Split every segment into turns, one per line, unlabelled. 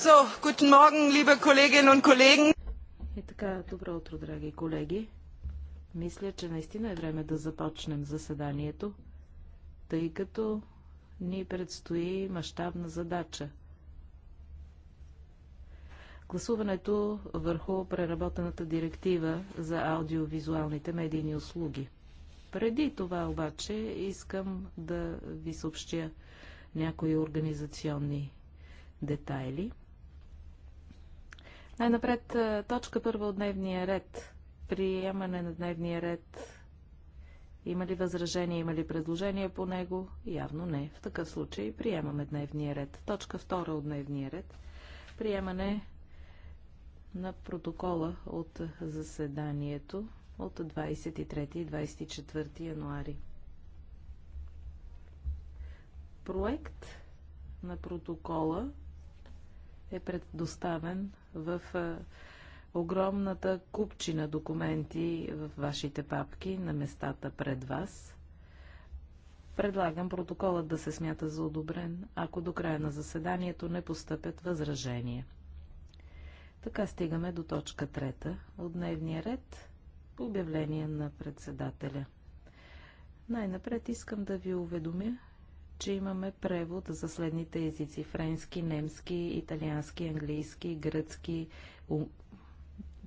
So, guten Morgen, liebe Kolleginnen und Kollegen.
И така, добро утро, драги колеги. Мисля, че наистина е време да започнем заседанието, тъй като ни предстои мащабна задача. Гласуването върху преработената директива за аудиовизуалните медийни услуги. Преди това обаче искам да ви съобщя някои организационни детайли. Най-напред е, точка първа от дневния ред. Приемане на дневния ред. Има ли възражение, има ли предложение по него? Явно не. В такъв случай приемаме дневния ред. Точка втора от дневния ред. Приемане на протокола от заседанието от 23 и 24 януари. Проект на протокола е предоставен в огромната купчина документи в вашите папки на местата пред вас. Предлагам протоколът да се смята за одобрен, ако до края на заседанието не постъпят възражения. Така стигаме до точка трета от дневния ред – обявление на председателя. Най-напред искам да ви уведомя, че имаме превод за следните езици. Френски, немски, италиански, английски, гръцки, у...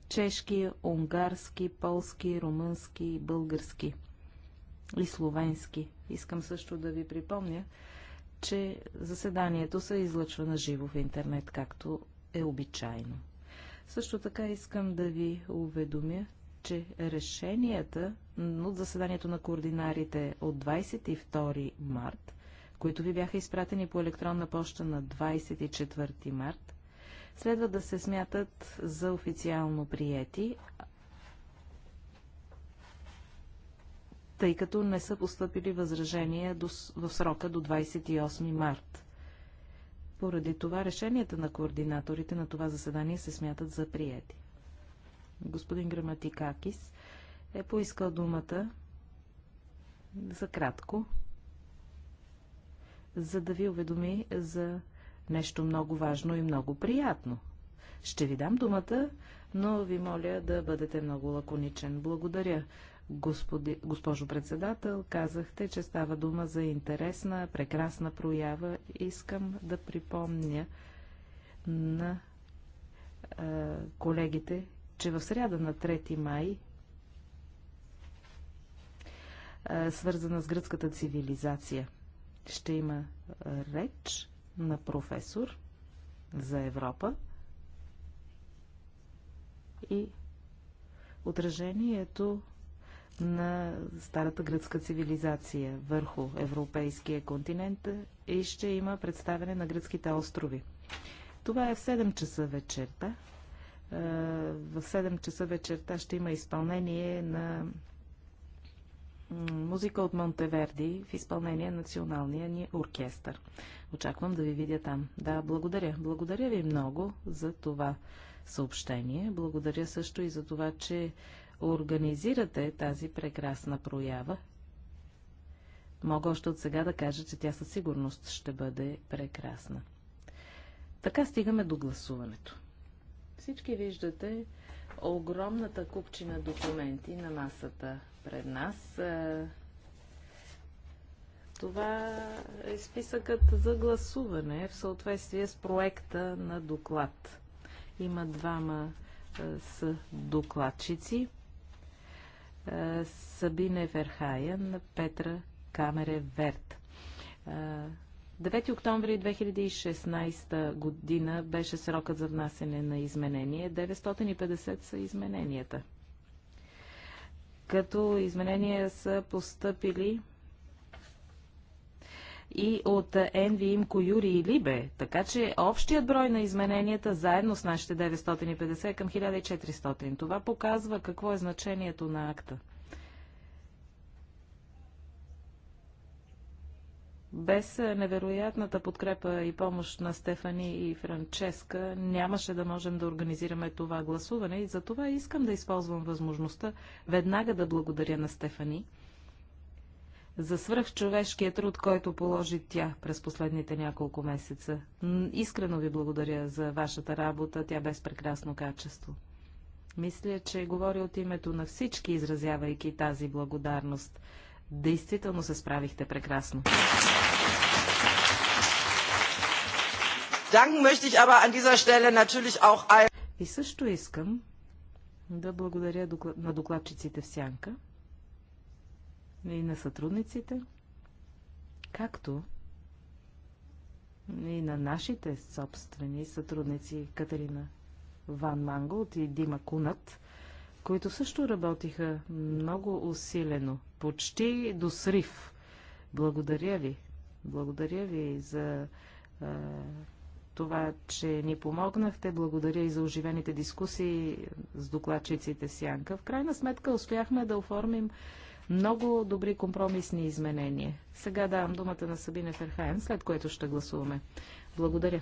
чешки, унгарски, полски, румънски, български и словенски. Искам също да ви припомня, че заседанието се излъчва на живо в интернет, както е обичайно. Също така искам да ви уведомя, че решенията от заседанието на координарите от 22 март които ви бяха изпратени по електронна поща на 24 март, следва да се смятат за официално приети, тъй като не са поступили възражения в срока до 28 март. Поради това решенията на координаторите на това заседание се смятат за приети. Господин Граматикакис е поискал думата за кратко за да ви уведоми за нещо много важно и много приятно. Ще ви дам думата, но ви моля да бъдете много лаконичен. Благодаря. Господи, госпожо председател, казахте, че става дума за интересна, прекрасна проява. Искам да припомня на е, колегите, че в среда на 3 май, свързана с гръцката цивилизация – ще има реч на професор за Европа и отражението на старата гръцка цивилизация върху европейския континент и ще има представяне на гръцките острови. Това е в 7 часа вечерта. Е, в 7 часа вечерта ще има изпълнение на музика от Монтеверди в изпълнение на националния ни оркестър. Очаквам да ви видя там. Да, благодаря. Благодаря ви много за това съобщение. Благодаря също и за това, че организирате тази прекрасна проява. Мога още от сега да кажа, че тя със сигурност ще бъде прекрасна. Така стигаме до гласуването. Всички виждате, огромната купчина документи на масата пред нас. Е, това е списъкът за гласуване в съответствие с проекта на доклад. Има двама е, с докладчици. Е, Сабине Верхаян, Петра Камере Верт. 9 октомври 2016 година беше срокът за внасене на изменение. 950 са измененията. Като изменения са поступили и от Енви, Имко, Юри и Либе. Така че общият брой на измененията заедно с нашите 950 е към 1400. Това показва какво е значението на акта. Без е, невероятната подкрепа и помощ на Стефани и Франческа нямаше да можем да организираме това гласуване и за това искам да използвам възможността веднага да благодаря на Стефани за свръхчовешкия труд, който положи тя през последните няколко месеца. Искрено ви благодаря за вашата работа, тя без прекрасно качество. Мисля, че говори от името на всички, изразявайки тази благодарност. Действително се справихте прекрасно. И също искам да благодаря на докладчиците в Сянка и на сътрудниците, както и на нашите собствени сътрудници Катерина Ван Манголт и Дима Кунат, които също работиха много усилено почти до срив. Благодаря ви. Благодаря ви за а, това, че ни помогнахте. Благодаря и за оживените дискусии с докладчиците Сянка. В крайна сметка успяхме да оформим много добри компромисни изменения. Сега давам думата на Сабина Ферхайен, след което ще гласуваме. Благодаря.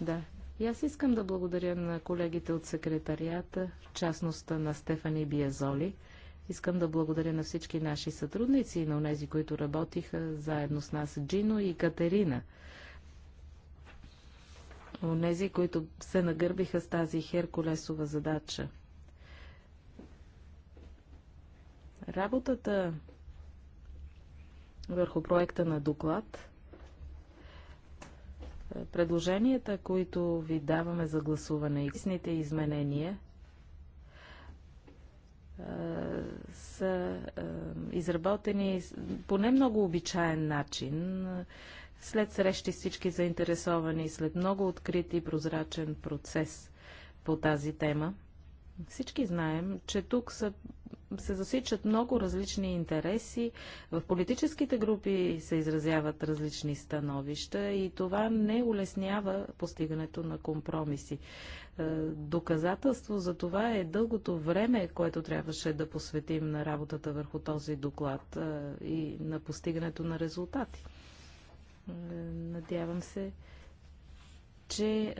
Да. И аз искам да благодаря на колегите от секретарията, в частността на Стефани Биязоли, Искам да благодаря на всички наши сътрудници и на тези, които работиха заедно с нас, Джино и Катерина. Онези, които се нагърбиха с тази Херкулесова задача. Работата върху проекта на доклад, предложенията, които ви даваме за гласуване и изменения – е, са е, изработени по не много обичаен начин, след срещи с всички заинтересовани, след много открит и прозрачен процес по тази тема. Всички знаем, че тук са се засичат много различни интереси, в политическите групи се изразяват различни становища и това не улеснява постигането на компромиси. Е, доказателство за това е дългото време, което трябваше да посветим на работата върху този доклад е, и на постигането на резултати. Е, надявам се, че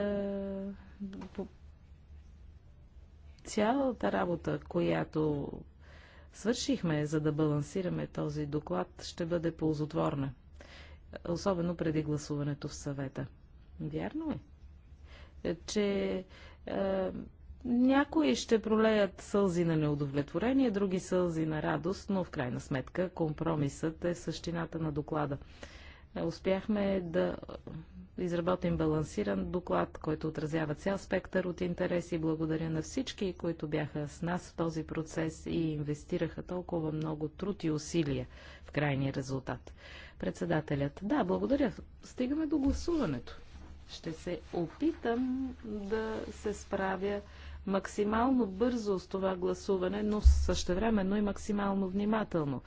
цялата работа, която свършихме, за да балансираме този доклад, ще бъде ползотворна. Особено преди гласуването в съвета. Вярно е, че е, някои ще пролеят сълзи на неудовлетворение, други сълзи на радост, но в крайна сметка компромисът е същината на доклада. Е, успяхме да изработим балансиран доклад, който отразява цял спектър от интереси. Благодаря на всички, които бяха с нас в този процес и инвестираха толкова много труд и усилия в крайния резултат. Председателят. Да, благодаря. Стигаме до гласуването. Ще се опитам да се справя максимално бързо с това гласуване, но същевременно и максимално внимателно.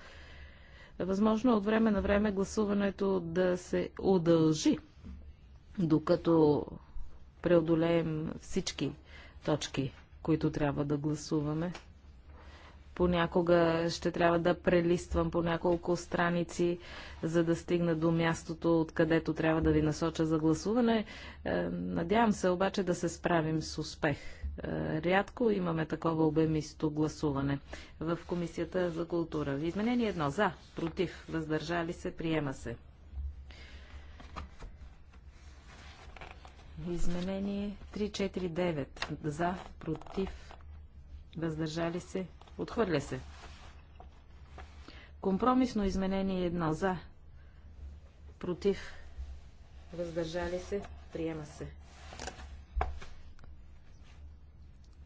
Възможно от време на време гласуването да се удължи докато преодолеем всички точки, които трябва да гласуваме. Понякога ще трябва да прелиствам по няколко страници, за да стигна до мястото, откъдето трябва да ви насоча за гласуване. Е, надявам се обаче да се справим с успех. Е, рядко имаме такова обемисто гласуване в Комисията за култура. Изменение едно за, против, въздържали се, приема се. Изменение 349. За, против, въздържали се, отхвърля се. Компромисно изменение 1. За, против, въздържали се, приема се.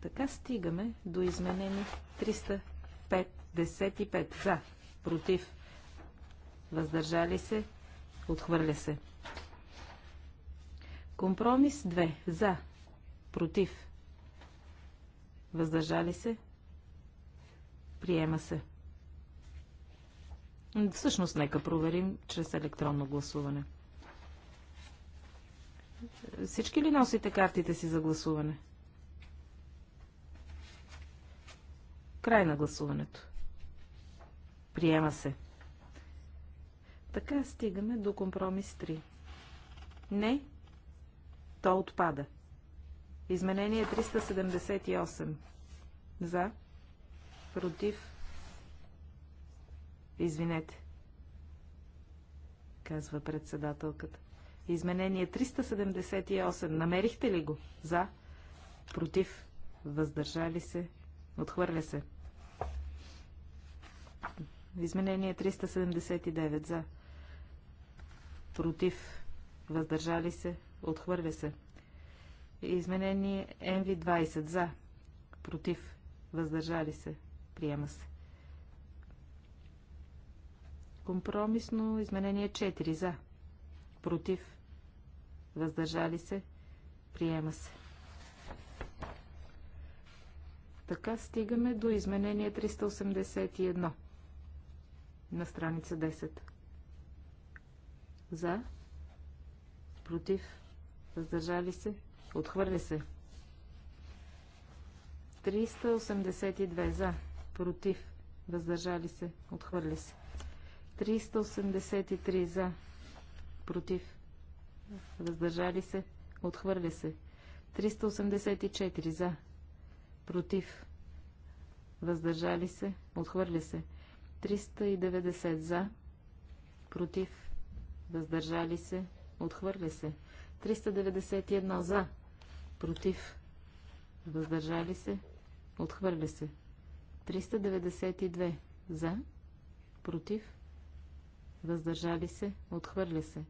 Така стигаме до изменение 355. За, против, въздържали се, отхвърля се. Компромис 2. За. Против. Въздържали се. Приема се. Всъщност, нека проверим чрез електронно гласуване. Всички ли носите картите си за гласуване? Край на гласуването. Приема се. Така стигаме до компромис 3. Не, то отпада. Изменение 378. За. Против. Извинете. Казва председателката. Изменение 378. Намерихте ли го? За. Против. Въздържали се. Отхвърля се. Изменение 379. За. Против. Въздържали се. Отхвърля се. Изменение МВ-20 за. Против. Въздържали се. Приема се. Компромисно изменение 4 за. Против. Въздържали се. Приема се. Така стигаме до изменение 381 на страница 10. За, против, Въздържали се? Отхвърля се. 382 за. Против. Въздържали се. Отхвърля се. 383 за. Против. Въздържали се. Отхвърля се. 384 за. Против. Въздържали се. Отхвърля се. 390 за. Против. Въздържали се. Отхвърля се. 391 за. Против. Въздържали се. Отхвърля се. 392 за. Против. Въздържали се. Отхвърля се.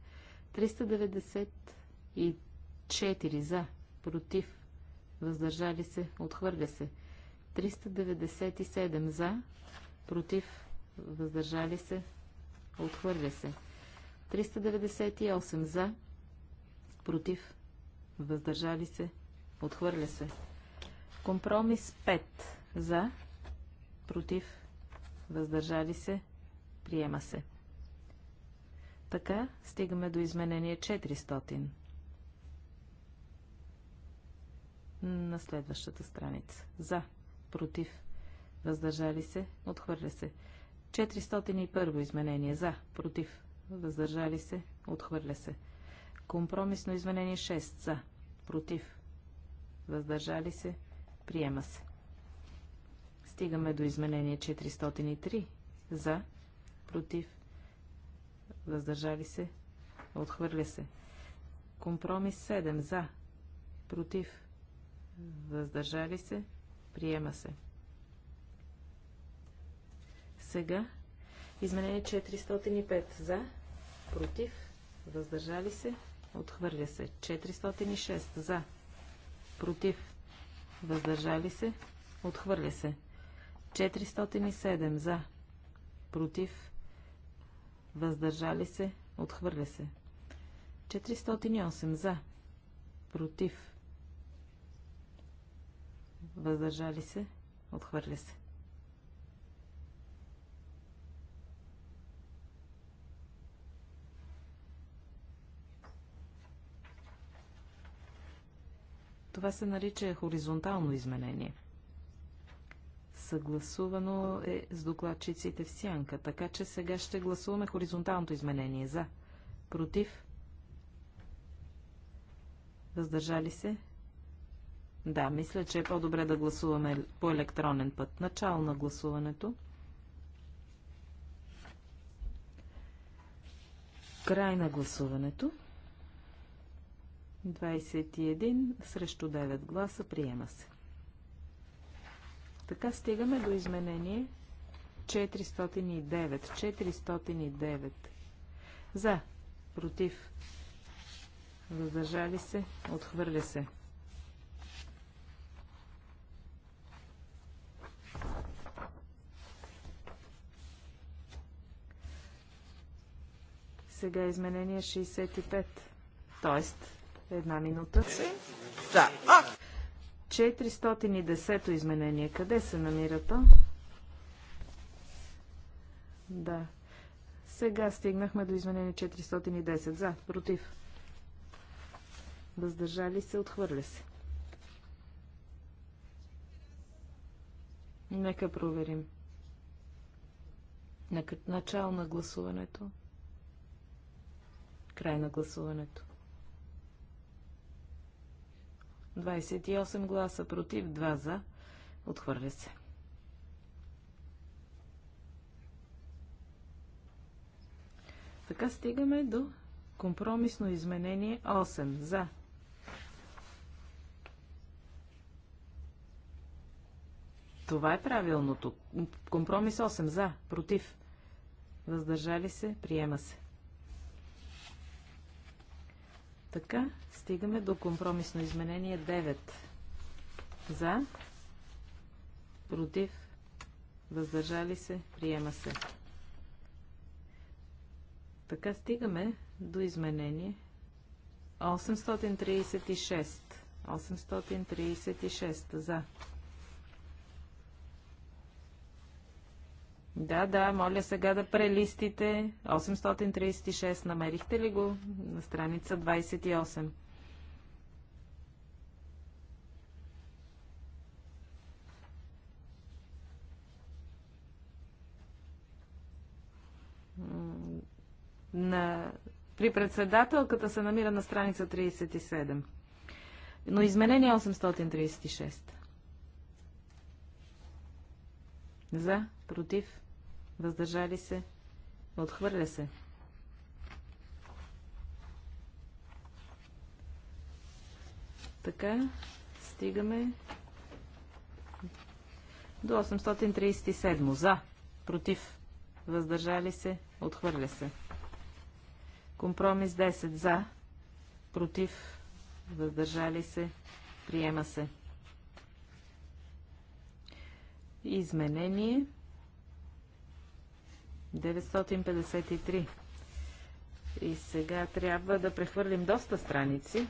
394 за. Против. Въздържали се. Отхвърля се. 397 за. Против. Въздържали се. Отхвърля се. 398 за против, въздържали се, отхвърля се. Компромис 5 за, против, въздържали се, приема се. Така стигаме до изменение 400 на следващата страница. За, против, въздържали се, отхвърля се. 401 изменение за, против, въздържали се, отхвърля се. Компромисно изменение 6 за. Против. Въздържали се. Приема се. Стигаме до изменение 403 за. Против. Въздържали се. Отхвърля се. Компромис 7 за. Против. Въздържали се. Приема се. Сега изменение 405 за. Против. Въздържали се. Отхвърля се. 406 за. Против. Въздържали се. Отхвърля се. 407 за. Против. Въздържали се. Отхвърля се. 408 за. Против. Въздържали се. Отхвърля се. Това се нарича хоризонтално изменение. Съгласувано е с докладчиците в сянка, така че сега ще гласуваме хоризонталното изменение. За. Против. Въздържали се? Да, мисля, че е по-добре да гласуваме по електронен път. Начало на гласуването. Край на гласуването. 21 срещу 9 гласа приема се. Така стигаме до изменение 409. 409. За. Против. Въздържали се. Отхвърля се. Сега изменение 65. Тоест, Една минута. Да. 410-то изменение. Къде се намира то? Да. Сега стигнахме до изменение 410. За, против. Въздържали се, отхвърля се. Нека проверим. Начало на гласуването. Край на гласуването. 28 гласа против, 2 за. Отхвърля се. Така стигаме до компромисно изменение 8 за. Това е правилното. Компромис 8 за, против. Въздържали се, приема се. така стигаме до компромисно изменение 9. За, против, въздържали се, приема се. Така стигаме до изменение 836. 836 за, Да, да, моля сега да прелистите. 836 намерихте ли го на страница 28? На... При председателката се намира на страница 37. Но изменение 836. За, против, Въздържали се. Отхвърля се. Така, стигаме до 837. За, против, въздържали се, отхвърля се. Компромис 10. За, против, въздържали се, приема се. Изменение 953. И сега трябва да прехвърлим доста страници.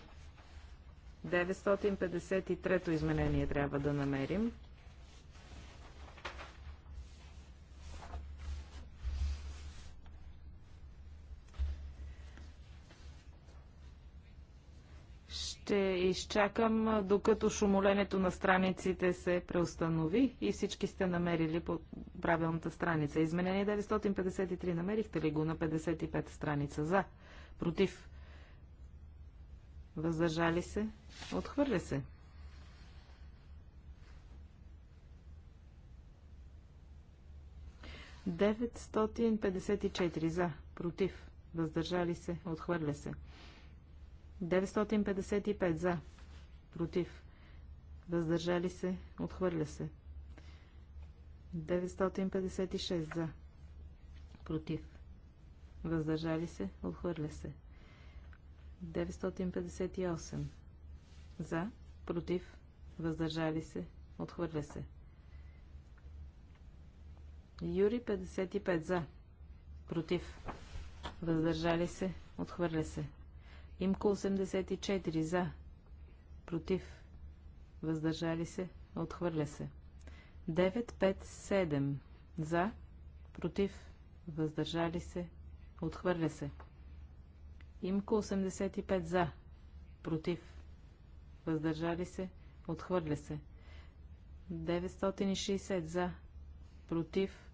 953-то изменение трябва да намерим. ще изчакам докато шумоленето на страниците се преустанови и всички сте намерили по правилната страница. Изменение 953 намерихте ли го на 55 страница? За. Против. Въздържали се? Отхвърля се. Деветстотин за, против, въздържали се, отхвърля се. 955 за. Против. Въздържали се. Отхвърля се. 956 за. Против. Въздържали се. Отхвърля се. 958 за. Против. Въздържали се. Отхвърля се. Юри 55 за. Против. Въздържали се. Отхвърля се. Имко 84 за. Против. Въздържали се. Отхвърля се. 957 за. Против. Въздържали се. Отхвърля се. Имко 85 за. Против. Въздържали се. Отхвърля се. 960 за. Против.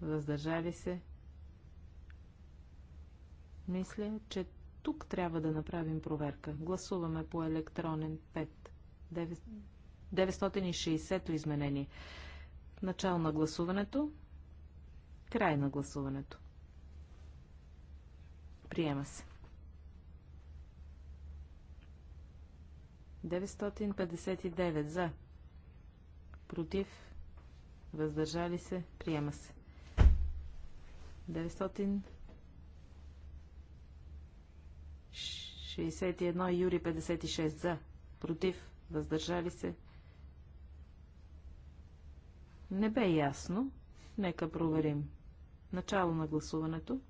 Въздържали се. Мисля, че тук трябва да направим проверка. Гласуваме по електронен 5. 960-то изменение. Начало на гласуването. Край на гласуването. Приема се. 959 за. Против. Въздържали се. Приема се. 900. 61 Юри 56 за. Против. Въздържали се. Не бе ясно. Нека проверим. Начало на гласуването.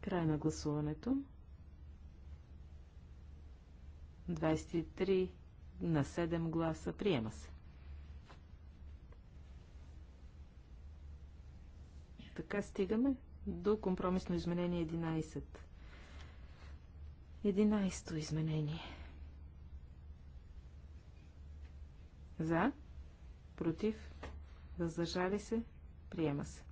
Край на гласуването. 23 на 7 гласа. Приема се. Така стигаме до компромисно изменение 11. 11-то изменение. За, против, въздържали се, приема се.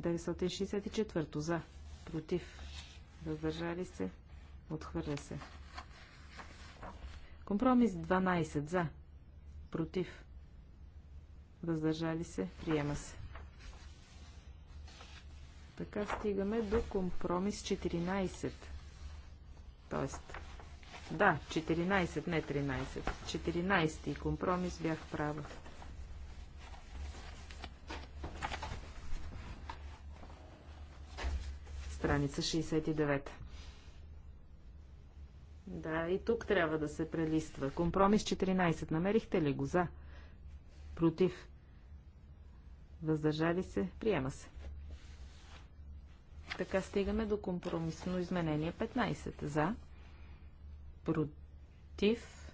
964 за, против, въздържали се, отхвърля се. Компромис 12 за, против, въздържали се, приема се. Така стигаме до компромис 14. Тоест, да, 14, не 13. 14 и компромис бях права. Страница 69. Да, и тук трябва да се прелиства. Компромис 14. Намерихте ли го за? Против въздържали се, приема се. Така стигаме до компромисно изменение 15. За, против,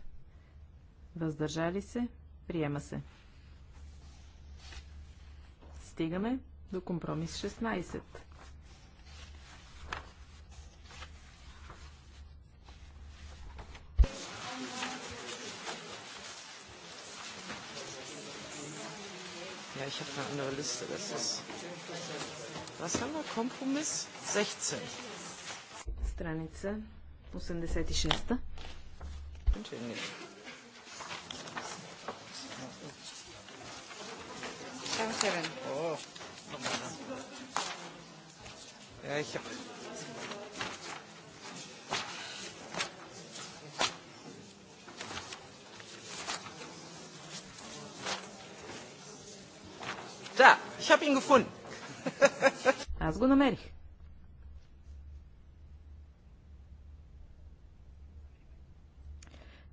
въздържали се, приема се. Стигаме до компромис 16. ich habe eine andere Liste. Das ist. Was haben wir? Kompromiss 16. Страница 86-та. Oh.
Ja, ich habe
Ich habe ihn gefunden.
Аз го намерих.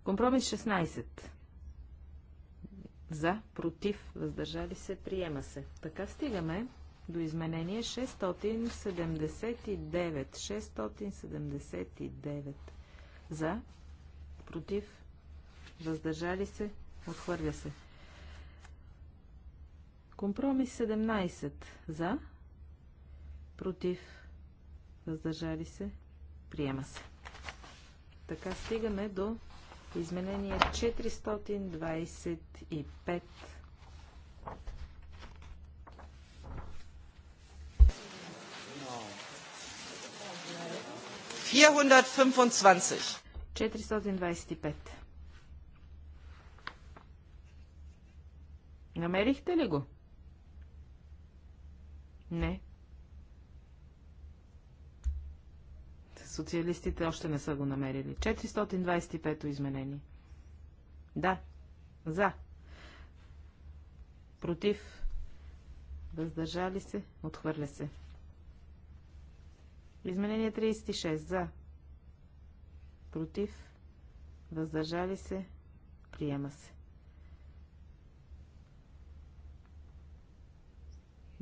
Компромис 16. За, против, въздържали се, приема се. Така стигаме до изменение 679. 679. За, против, въздържали се, отхвърля се. Компромис 17. За. Против. Въздържали се. Приема се. Така стигаме до изменение 425. 425. Намерихте ли го? Не. Социалистите още не са го намерили. 425-то изменение. Да. За. Против. Въздържали се. Отхвърля се. Изменение 36. За. Против. Въздържали се. Приема се.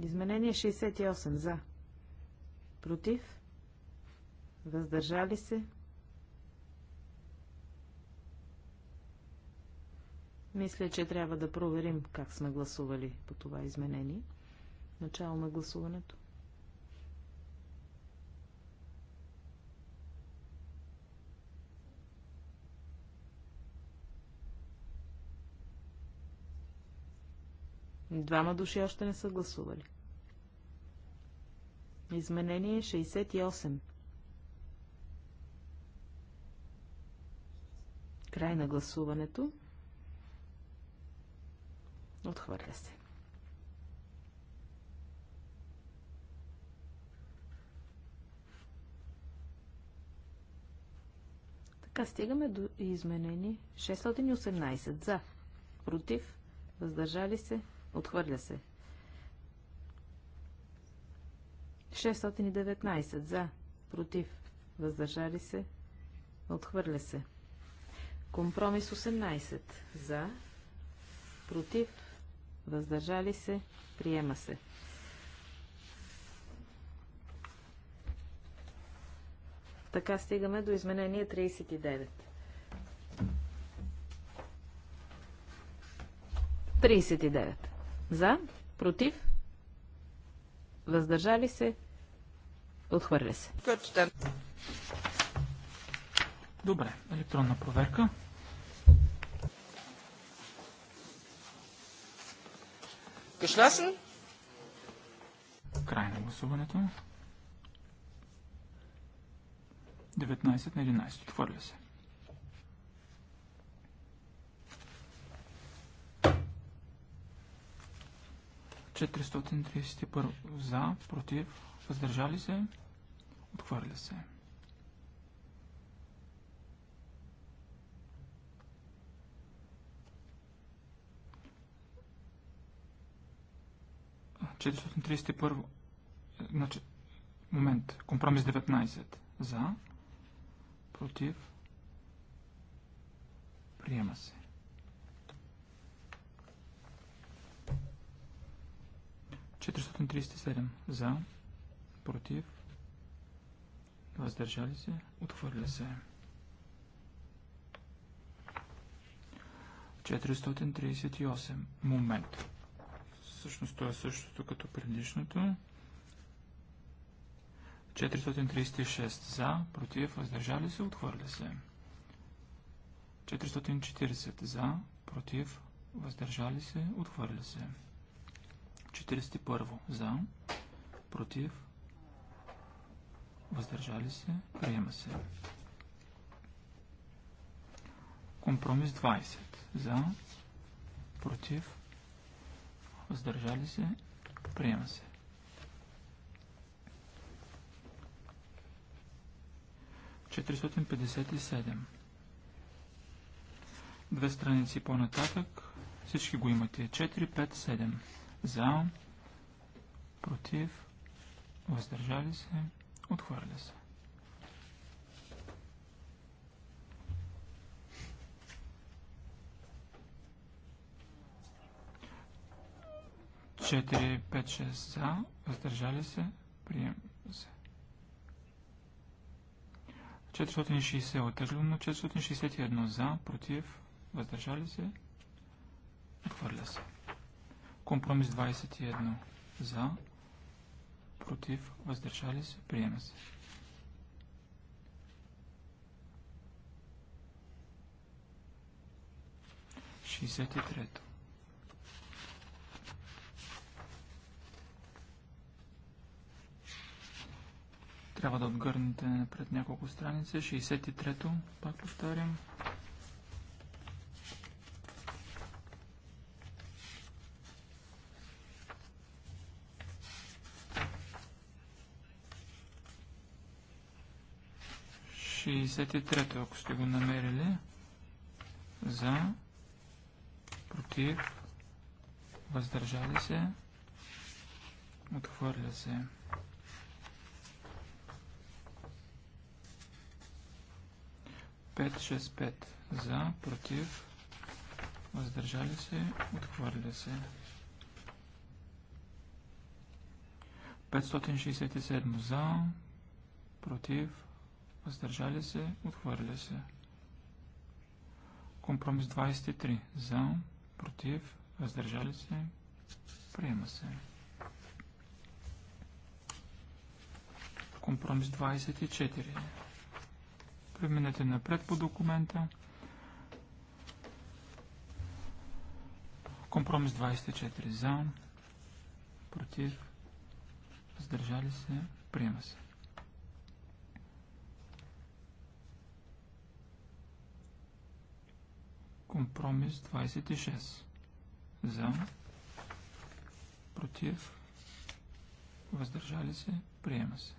Изменение 68 за. Против. Въздържали се. Мисля, че трябва да проверим как сме гласували по това изменение. Начало на гласуването. Двама души още не са гласували. Изменение 68. Край на гласуването. Отхвърля се. Така стигаме до изменение 618 за, против, въздържали се, Отхвърля се. 619 за, против, въздържали се, отхвърля се. Компромис 18 за, против, въздържали се, приема се. Така стигаме до изменение 39. 39. За, против, въздържали се, отхвърля се. Добре,
електронна проверка. Geschlossen. Край на гласуването. 19 на 11. Отхвърля се. 431 за, против, въздържали се, отхвърля се. Значи, момент. Компромис 19. За. Против. Приема се. 437 за, против, въздържали се, отхвърля се. 438 момент. Всъщност то е същото като предишното. 436 за, против, въздържали се, отхвърля се. 440 за, против, въздържали се, отхвърля се. 41 за, против, въздържали се, приема се. Компромис 20 за, против, въздържали се, приема се. Две страници по-нататък. Всички го имате. 4, 5, 7 за, против, въздържали се, отхвърля се. Четири, пет, шест за, въздържали се, приема се. 460 е отеглено, 461 за, против, въздържали се, отхвърля се. Компромис 21 за, против, въздържали се, приема се. Шестдесет и трето. Трябва да отгърнете напред няколко страница. 63-то, пак повтарям. 63, ако сте го намерили. За, против, въздържали се, отхвърля се. Пет, шест, пет. За, против, въздържали се, отхвърля се. 567 за, против, въздържали се, отхвърля се. Компромис 23. За, против, въздържали се, приема се. Компромис 24. Преминете напред по документа. Компромис 24. За, против, въздържали се, приема се. Компромис 26. За. Против. Въздържали се. Приема се.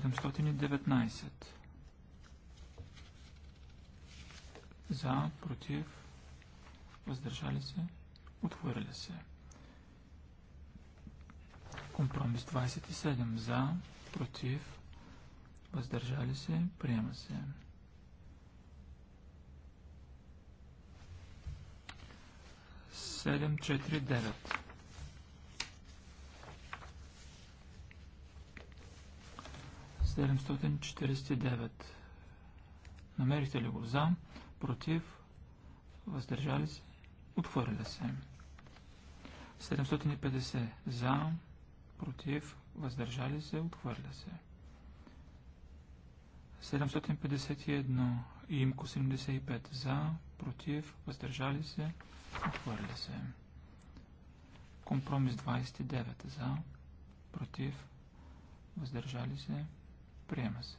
719. За. Против. Въздържали се. Отхвърля се. Компромис 27. За. Против въздържали се, приема се. Седем, четири, девет. Седемстотен, четиристи, девет. Намерихте ли го за, против, въздържали се, отвърля се. 750 за, против, въздържали се, отхвърля се. 751 и имко 75 за, против, въздържали се, отхвърля се. Компромис 29 за, против, въздържали се, приема се.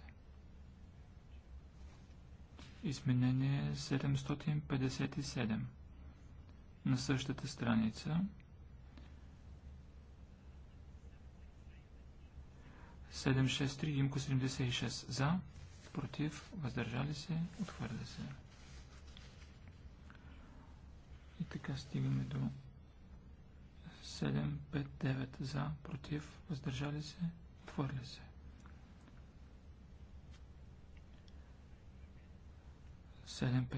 Изменение 757 на същата страница. 763 имко 76 за, против, въздържали се, отхвърля се. И така стигаме до 7, 5, 9 за, против, въздържали се, отхвърля се.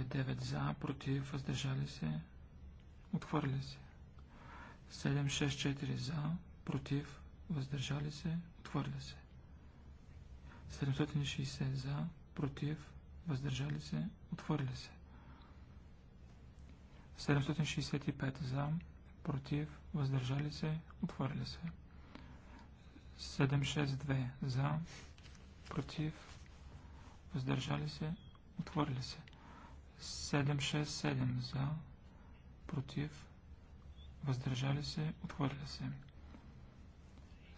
девет за, против, въздържали се, отхвърля се. 764 за, против, въздържали се, отхвърля се. 760 за, против, въздържали се, отхвърля се. 765 за, против, въздържали се, отхвърля се. 762 за, против, въздържали се, отхвърля се. 767 за, против, въздържали се, отхвърля се.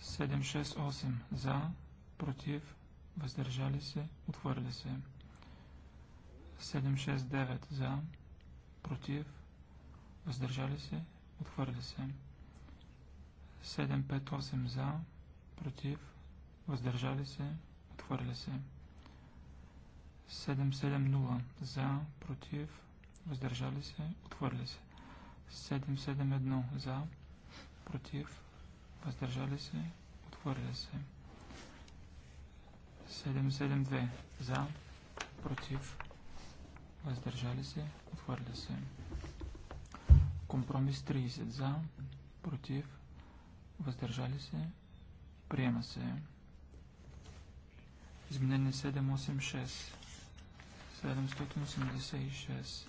768 за, против, въздържали се, отхвърля се. 769 за, против, въздържали се, отхвърля се. 758 за, против, въздържали се, отхвърля се. 770 за, против, въздържали се, отхвърля се. 771 за, против, въздържали се, отхвърля се. 772 за, против, въздържали се, отхвърля се. Компромис 30 за, против, въздържали се, приема се. Изменение 786, 786.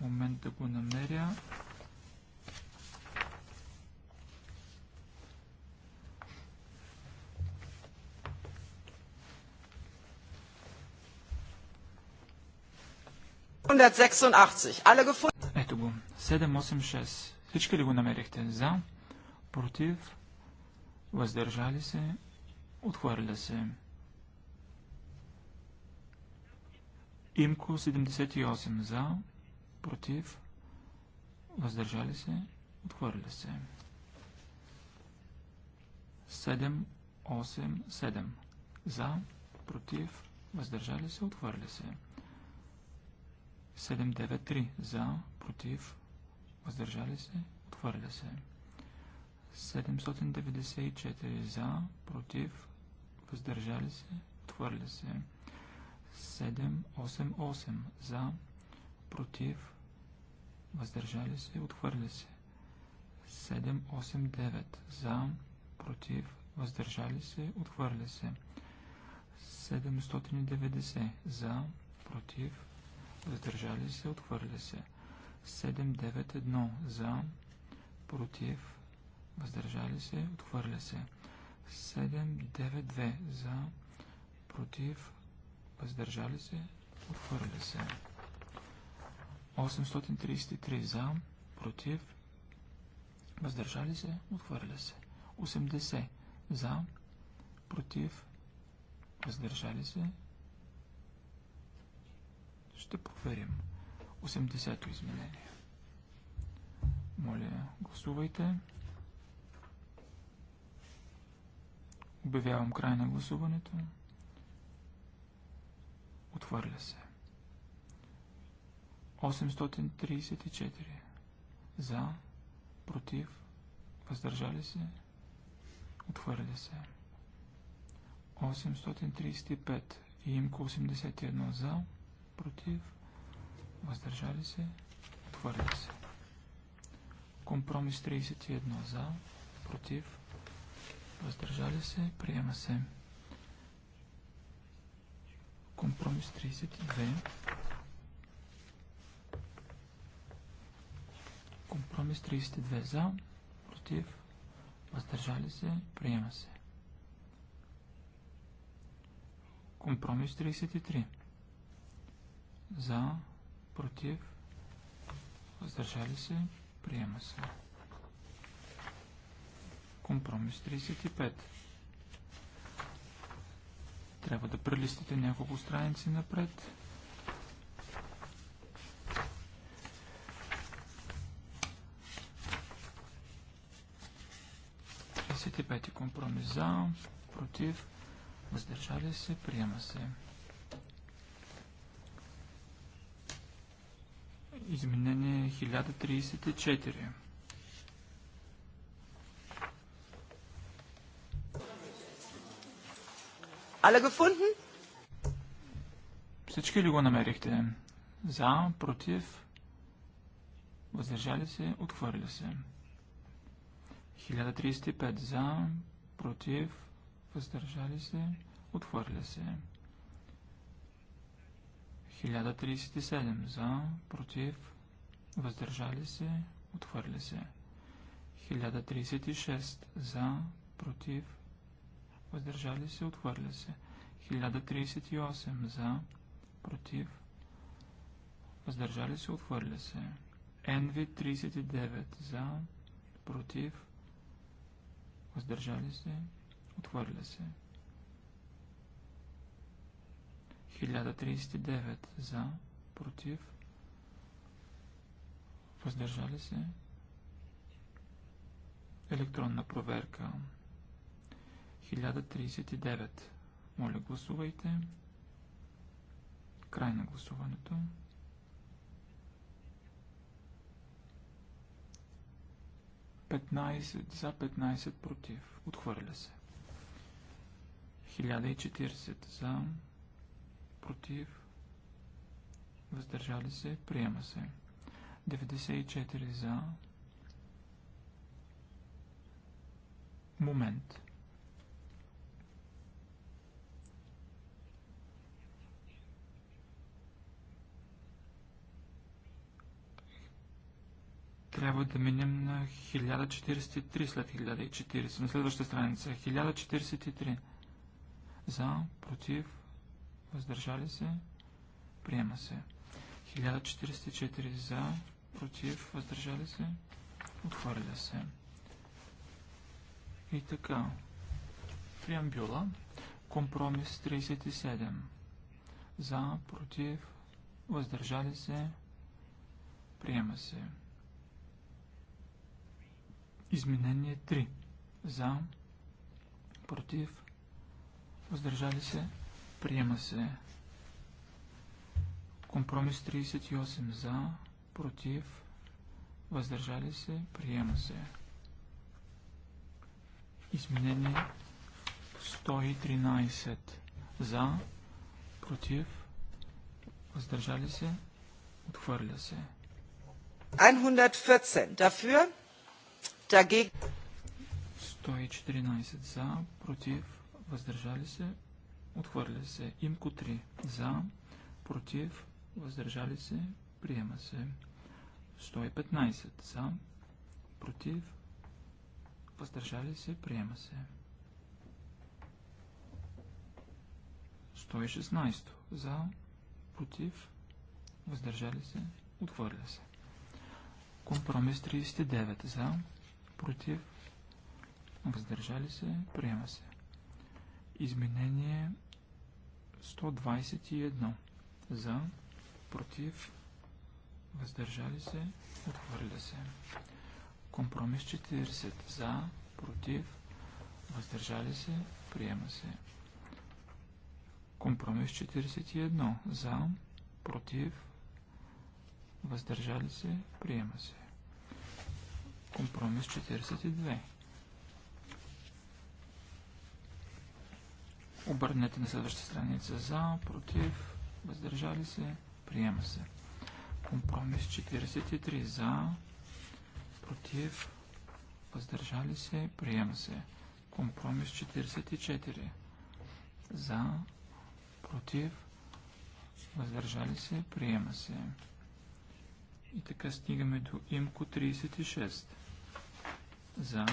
Момент да го намеря.
786. Alle gefunden.
Ето го. 786. Всички ли го намерихте? За, против, въздържали се, отхвърля се. Имко 78 за, против, въздържали се, отхвърля се. 7, 8, 7 за, против, въздържали се, отхвърля се. 793 за, против, въздържали се, отхвърля се. 794 за, против, въздържали се, отхвърля се. 788 за, против, въздържали се, отхвърля се. 789 за, против, въздържали се, отхвърля се. 790 за, против, въздържали се, отхвърля се. 791 за, против, въздържали се, отхвърля се. 792 за, против, въздържали се, отхвърля се. 833 за, против, въздържали се, отхвърля се. 80 за, против, въздържали се, ще проверим. 80-то изменение. Моля, гласувайте. Обявявам край на гласуването. Отвърля се. 834 за, против, въздържали се, отвърля се. 835 и имко 81 за, против, въздържали се, отхвърля се. Компромис 31 за, против, въздържали се, приема се. Компромис 32. Компромис 32 за, против, въздържали се, приема се. Компромис 33 за, против, въздържали се, приема се. Компромис 35. Трябва да прелистите няколко страници напред. пети компромис за, против, въздържали се, приема се. Изменение 1034. Alle gefunden? Всички ли го намерихте? За, против, въздържали се, отхвърля се. 1035 за, против, въздържали се, отхвърли се. 1037 за, против, въздържали се, отхвърля се. 1036 за, против, въздържали се, отхвърли се. 1038 за, против, въздържали се, отхвърли се. NV 39 за, против, въздържали се, отхвърли се. 1039 за, против, въздържали се. Електронна проверка. 1039. Моля, гласувайте. Край на гласуването. за, 15 против. Отхвърля се. 1040 за, против, въздържали се, приема се. 94 за. Момент. трябва да минем на 1043 след 1040, на следващата страница. 1043. За, против, въздържали се, приема се. 1044 за, против, въздържали се, отхвърля се. И така, преамбюла, компромис 37, за, против, въздържали се, приема се. Изменение 3, за, против, въздържали се, приема се. Компромис 38 за, против, въздържали се, приема се. Изменение 113 за, против, въздържали се, отхвърля се.
114 дафür, dagegen.
114 за, против, въздържали се, Отхвърля се. Имко 3. За. Против. Въздържали се. Приема се. 115. За. Против. Въздържали се. Приема се. 116. За. Против. Въздържали се. Отхвърля се. Компромис 39. За. Против. Въздържали се. Приема се. Изменение 121 за, против, въздържали се, отхвърля се. Компромис 40 за, против, въздържали се, приема се. Компромис 41 за, против, въздържали се, приема се. Компромис 42 Обърнете на следващата страница за, против, въздържали се, приема се. Компромис 43 за, против, въздържали се, приема се. Компромис 44 за, против, въздържали се, приема се. И така стигаме до имко 36 за,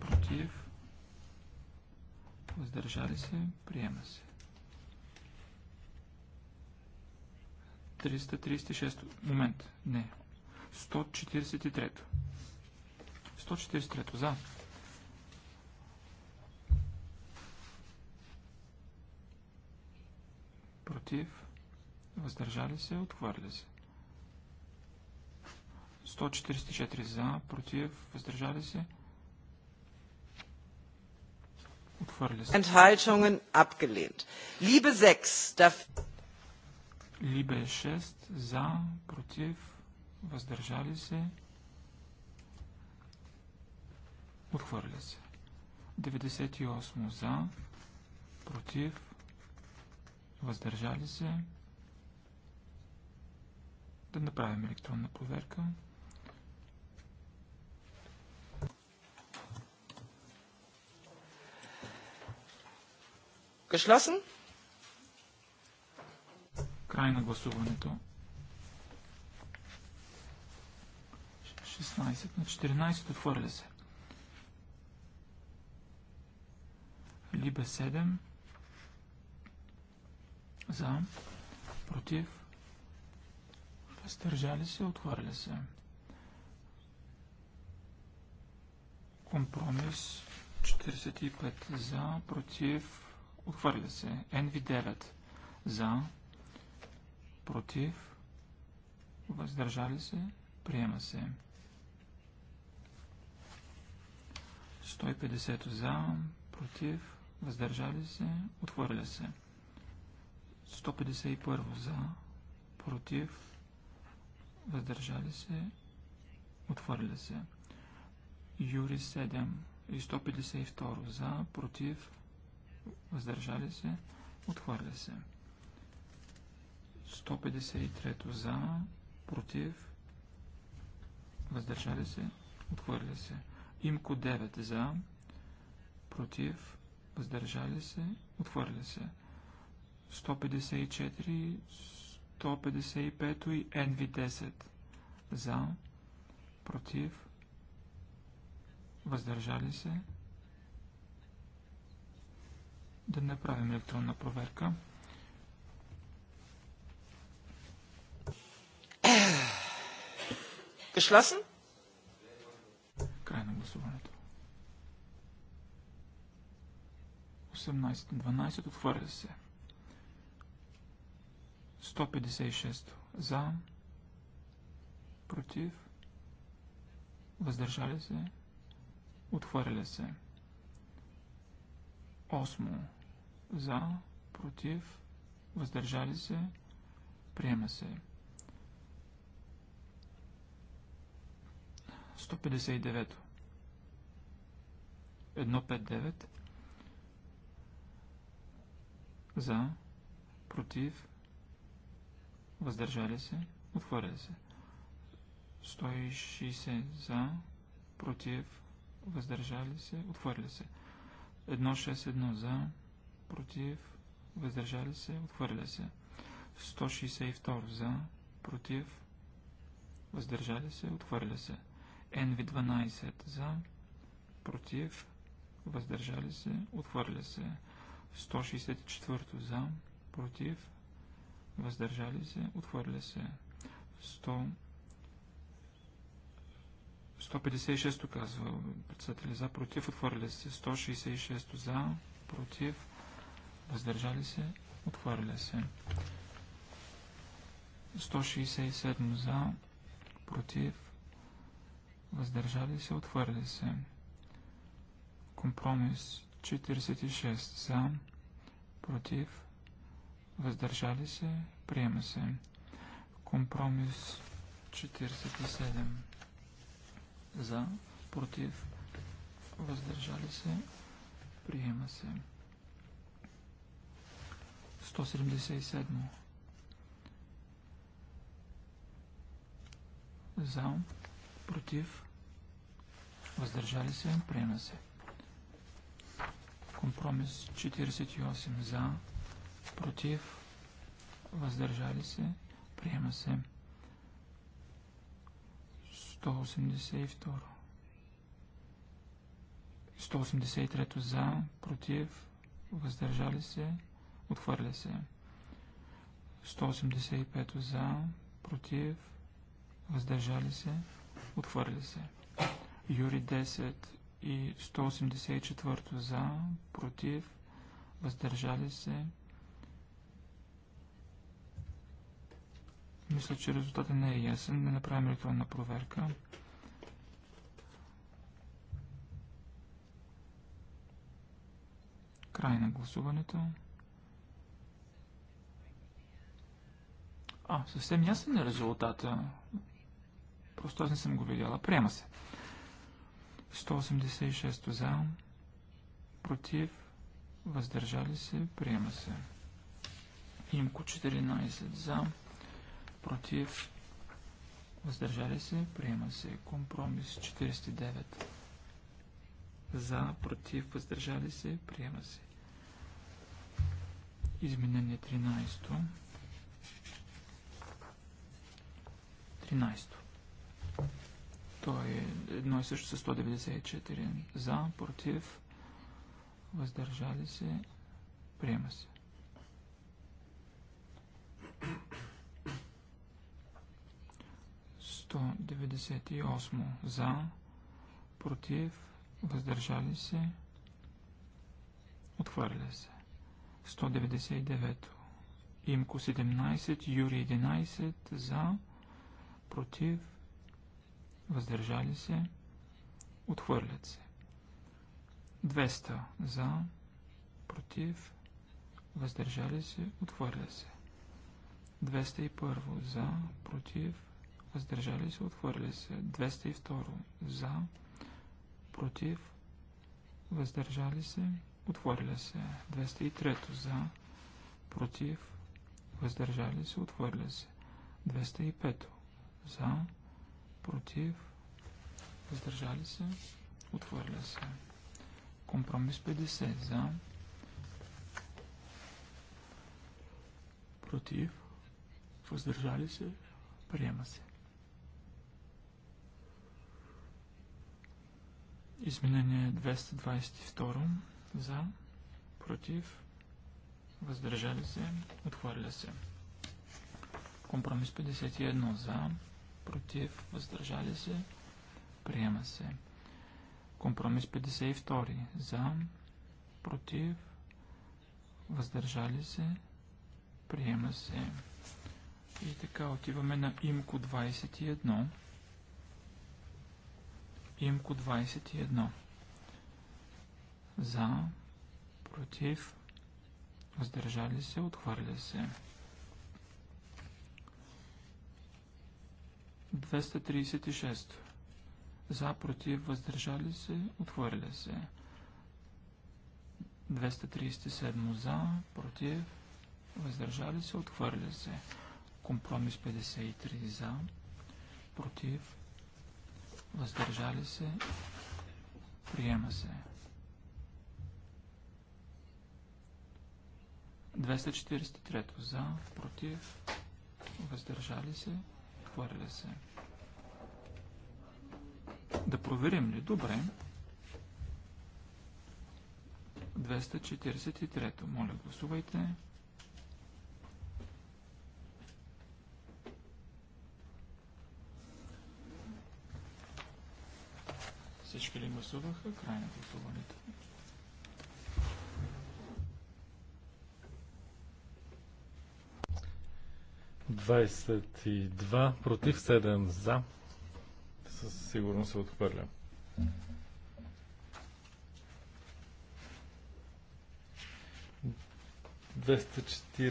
против, въздържали се, приема се. 336. Момент. Не. 143. 143. За. Против. Въздържали се. Отхвърля се. 144. За. Против.
Въздържали се. 143. Enthaltungen abgelehnt. Liebe 6. Daf...
Либе 6. Е за, против, въздържали се. Отхвърля се. 98 за, против, въздържали се. Да направим електронна проверка. Geschlossen. Край на гласуването. 16 на 14 отвърля се. Либе 7 за, против, въздържали се, Отвърля се. Компромис 45 за, против, Отхвърля се. NV9 за, против, въздържали се, приема се. 150 за, против, въздържали се, отхвърля се. 151 за, против, въздържали се, отхвърля се. Юри 7 и 152 за, против, въздържали се, отхвърля се. 153 за, против, въздържали се, отхвърля се. Имко 9 за, против, въздържали се, отхвърля се. 154, 155 и NV10 за, против, въздържали се, да направим електронна проверка. Geschlossen? Край на гласуването. 18-12 отхвърля се. 156 за, против, въздържали се, отхвърля се. 8 за, против, въздържали се, приема се. 159. 159. За, против, въздържали се, отхвърля се. 160 за, против, въздържали се, отхвърля се. 161 за, против, въздържали се, отхвърля се. 162 за, против, въздържали се, отхвърля се. NV12 за, против, въздържали се, отхвърля се. 164 за, против, въздържали се, отхвърля се. 100... 156 казва председателя за, против, отхвърля се. 166 за, против, въздържали се, отхвърля се. 167 за, против, въздържали се, отхвърля се. Компромис 46 за, против, въздържали се, приема се. Компромис 47 за, против, въздържали се, приема се. 177. За, против, въздържали се, приема се. Компромис 48 за, против, въздържали се, приема се. 182. 183 за, против, въздържали се, Отхвърля се. 185 за, против, въздържали се, отхвърля се. Юри 10 и 184 за, против, въздържали се. Мисля, че резултатът не е ясен. Да направим електронна проверка. Край на гласуването. А, съвсем ясен е резултата. Просто аз не съм го видяла. Приема се. 186 за. Против. Въздържали се. Приема се. Имко 14 за. Против. Въздържали се. Приема се. Компромис 49 за. Против. Въздържали се. Приема се. Изменение 13. 13. То е едно и също с 194. За, против, въздържали се, приема се. То 98 за, против, въздържали се, отхвърля се. 199. Имко 17, Юри 11, за, против, въздържали се, отхвърлят се. 200 за, против, въздържали се, отхвърлят се. 201 за, против, въздържали се, отхвърлят се. 202 за, против, въздържали се, отхвърля се. 203 за, против, въздържали се, отхвърля се. 205 за. Против. Въздържали се. Отхвърля се. Компромис 50. За. Против. Въздържали се. Приема се. Изменение 222. За. Против. Въздържали се. Отхвърля се. Компромис 51. За против, въздържали се, приема се. Компромис 52. За, против, въздържали се, приема се. И така отиваме на имко 21. Имко 21. За, против, въздържали се, отхвърля се. 236. За, против, въздържали се, отхвърля се. 237 за, против, въздържали се, отхвърля се. Компромис 53 за, против, въздържали се, приема се. 243 за, против, въздържали се, отворили се. Да проверим ли? Добре. 243. Моля, гласувайте. Всички ли гласуваха? Край на гласуването.
22 против 7 за. Със сигурност се отхвърля. 243,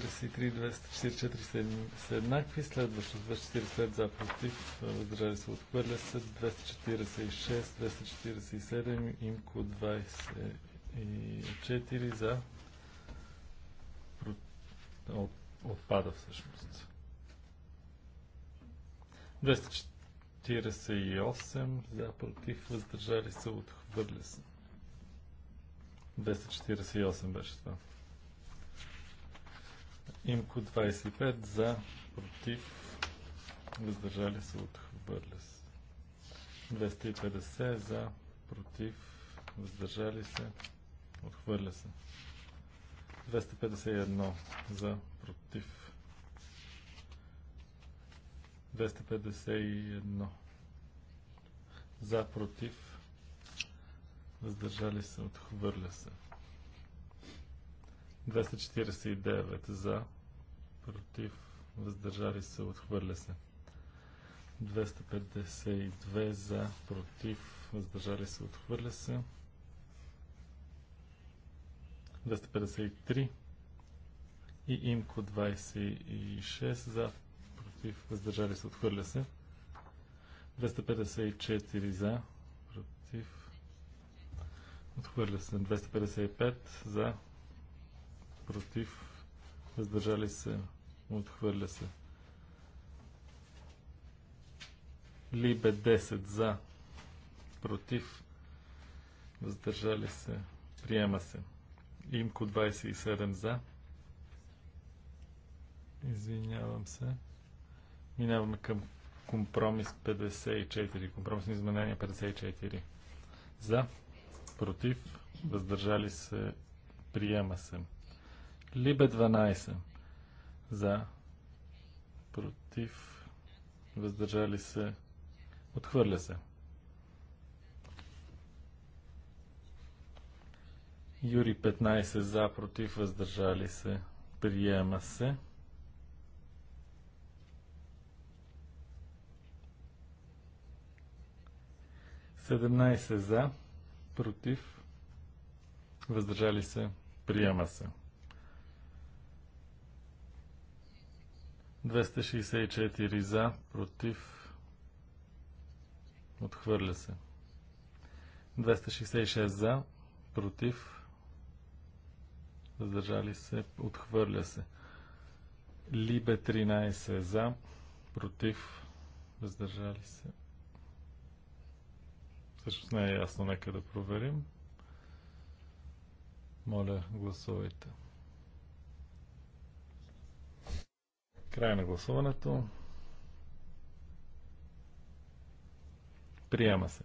244 са еднакви. Следващо 245 за против. Въздържали се отхвърля се. 246, 247, имко 24 за. От, отпада всъщност. 248 за против, въздържали се, отхвърля се. 248 беше това. Имко 25 за против, въздържали се, отхвърля се. 250 за против, въздържали се, отхвърля се. 251 за против, 251 за, против, въздържали се, отхвърля се. 249 за, против, въздържали се, отхвърля се. 252 за, против, въздържали се, отхвърля се. 253 и имко 26 за, против, въздържали се, отхвърля се. 254 за, против, отхвърля се. 255 за, против, въздържали се, отхвърля се. Либе 10 за, против, въздържали се, приема се. Имко 27 за. Извинявам се. Минаваме към компромис 54. компромисни изменения 54. За, против, въздържали се, приема се. Либе 12. За, против, въздържали се, отхвърля се. Юри 15 за, против, въздържали се, приема се. 17 за, против, въздържали се, приема се. 264 за, против, отхвърля се. 266 за, против, въздържали се, отхвърля се. Либе 13 за, против, въздържали се, Всъщност не е ясно, нека да проверим. Моля, гласувайте. Край на гласуването. Приема се.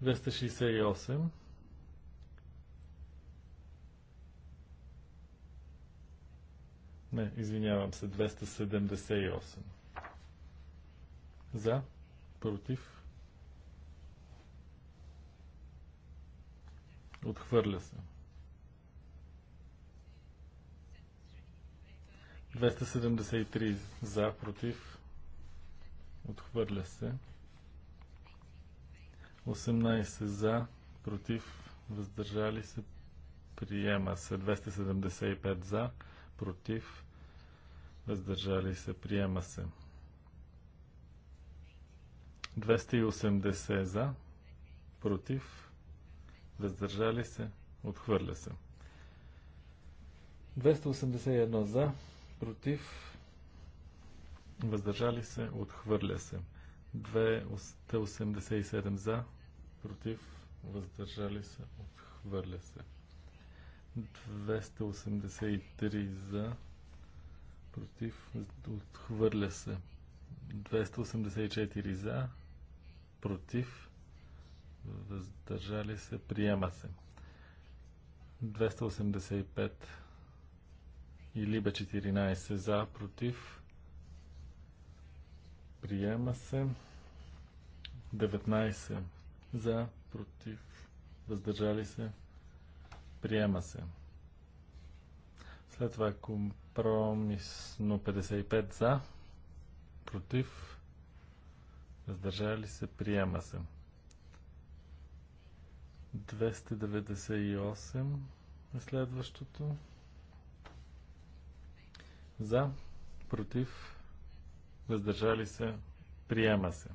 Двеста шестдесет Не, извинявам се, 278. За, против, отхвърля се. 273 за, против, отхвърля се. 18 за, против, въздържали се, приема се. 275 за, против, въздържали се, приема се. 280 за, против, въздържали се, отхвърля се. 281 за, против, въздържали се, отхвърля се. 287 за, против, въздържали се, отхвърля се. 283 за, против, отхвърля се. 284 за, против, въздържали се, приема се. 285 или бе 14 за, против, приема се. 19 за, против, въздържали се, Приема се. След това компромисно 55 за, против, въздържали се, приема се. 298 е следващото. За, против, въздържали се, приема се.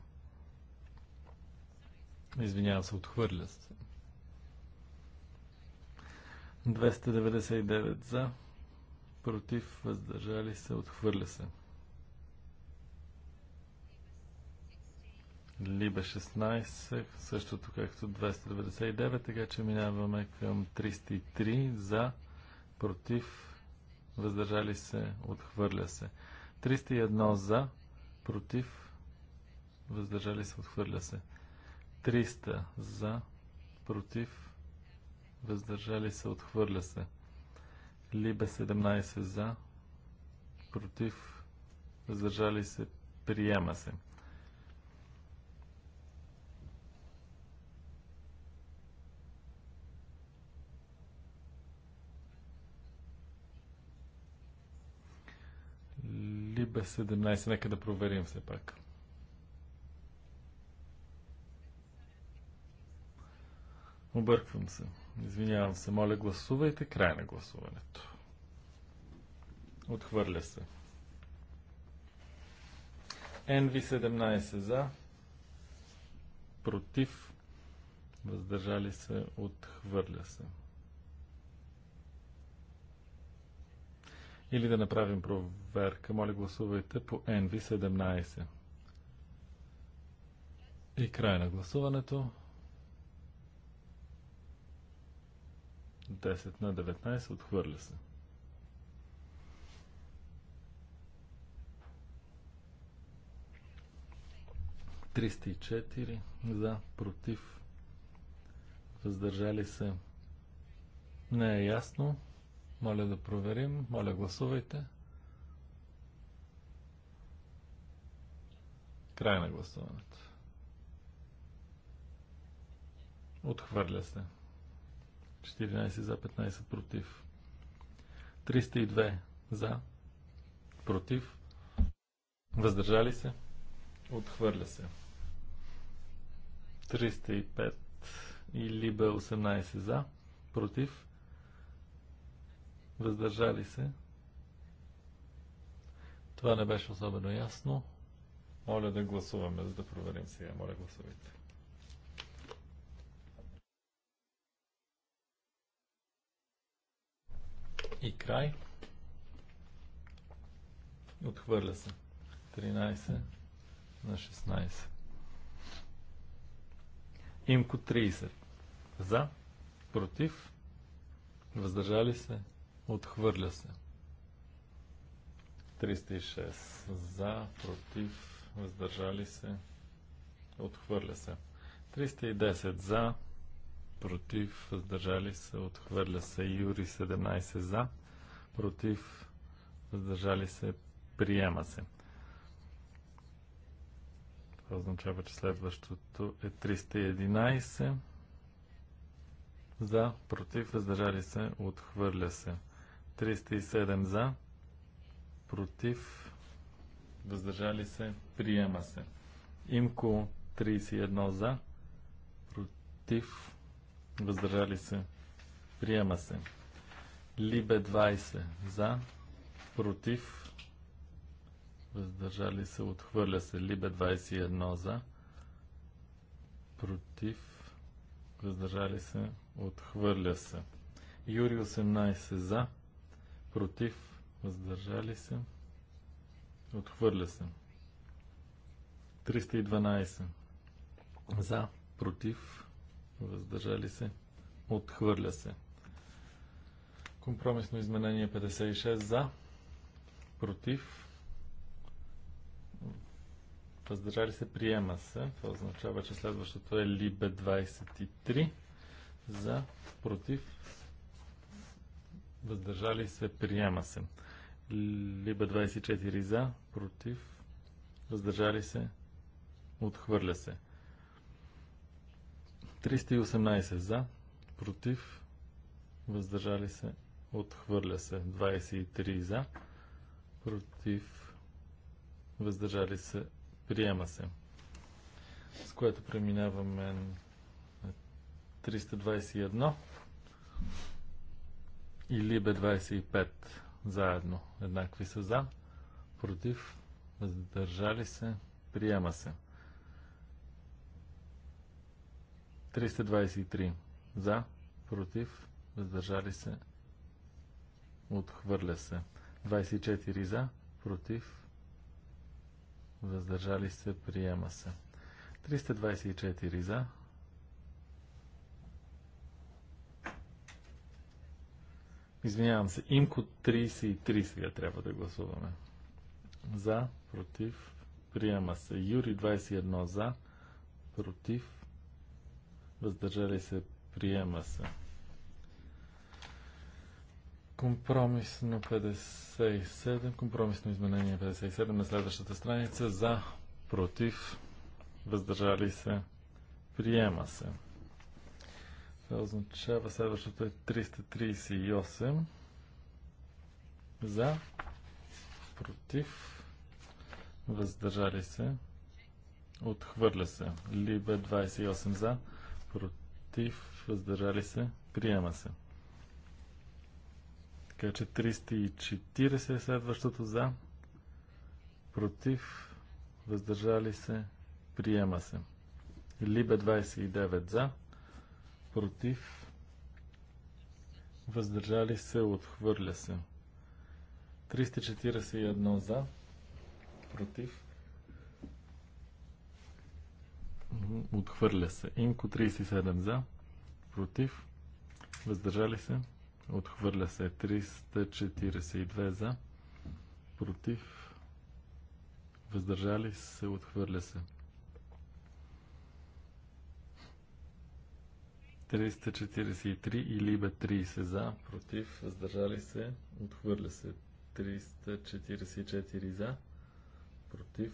Извинявам се, отхвърля се. 299 за, против, въздържали се, отхвърля се. Либе 16, същото както 299, така че минаваме към 303 за, против, въздържали се, отхвърля се. 301 за, против, въздържали се, отхвърля се. 300 за, против, въздържали се, отхвърля се. Либе 17 за, против, въздържали се, приема се. Либе 17, нека да проверим все пак. Обърквам се. Извинявам се. Моля, гласувайте край на гласуването. Отхвърля се. NV17 за. Против. Въздържали се. Отхвърля се. Или да направим проверка. Моля, гласувайте по NV17. И край на гласуването. 10 на 19 отхвърля се. Триста и четири за, против, въздържали се. Не е ясно. Моля да проверим. Моля гласувайте. Край на гласуването. Отхвърля се. 14 за, 15 против. 302 за, против, въздържали се, отхвърля се. 305 или бе 18 за, против, въздържали се. Това не беше особено ясно. Моля да гласуваме, за да проверим сега. Моля гласувайте. и край. Отхвърля се. 13 на 16. Имко 30. За, против, въздържали се, отхвърля се. 306. За, против, въздържали се, отхвърля се. 310. За, против, въздържали се, отхвърля се. Юри 17 за, против, въздържали се, приема се. Това означава, че следващото е 311 за, против, въздържали се, отхвърля се. 307 за, против, въздържали се, приема се. Имко 31 за, против, въздържали се, приема се. Либе 20 за, против, въздържали се, отхвърля се. Либе 21 за, против, въздържали се, отхвърля се. Юри 18 за, против, въздържали се, отхвърля се. 312 за, против, въздържали се, отхвърля се. Компромисно изменение 56 за, против, въздържали се, приема се. Това означава, че следващото е Либе 23 за, против, въздържали се, приема се. Либе 24 за, против, въздържали се, отхвърля се. 318 за, против, въздържали се, отхвърля се. 23 за, против, въздържали се, приема се. С което преминаваме на 321 или б 25 заедно. Еднакви са за, против, въздържали се, приема се. 323 за, против, въздържали се, отхвърля се. 24 за, против, въздържали се, приема се. 324 за, Извинявам се, имко 33 сега трябва да гласуваме. За, против, приема се. Юри 21 за, против, въздържали се, приема се. Компромисно 57, компромисно изменение 57 на следващата страница за, против, въздържали се, приема се. Това означава следващото е 338 за, против, въздържали се, отхвърля се. Либе 28 за, против, въздържали се, приема се. Така че 340 е следващото за, против, въздържали се, приема се. Либе 29 за, против, въздържали се, отхвърля се. 341 за, против, Отхвърля се. Инко 37 за. Против. Въздържали се. Отхвърля се. 342 за. Против. Въздържали се. Отхвърля се. 343 или бе 30 за. Против. Въздържали се. Отхвърля се. 344 за. Против.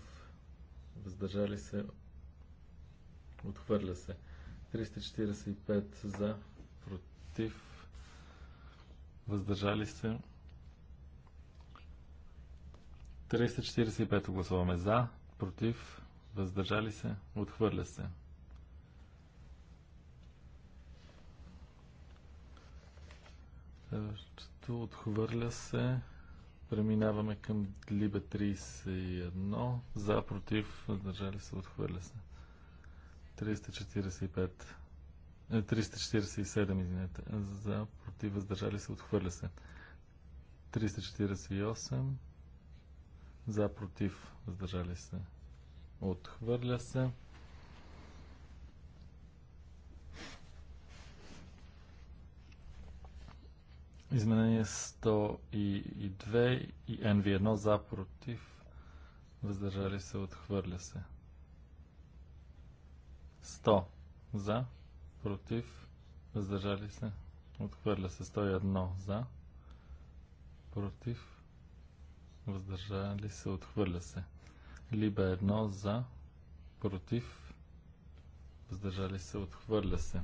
Въздържали се. Отхвърля се. 345 за, против, въздържали се. 345 гласуваме за, против, въздържали се, отхвърля се. Следващото отхвърля се. Преминаваме към Либе 31. За, против, въздържали се, отхвърля се. 347, е, извинете. За, против, въздържали се, отхвърля се. 348. За, против, въздържали се, отхвърля се. Изменение 102 и NV1 за, против, въздържали се, отхвърля се. 100 за, против, въздържали се, отхвърля се 101 за, против, въздържали се, отхвърля се. Либе 1 за, против, въздържали се, отхвърля се.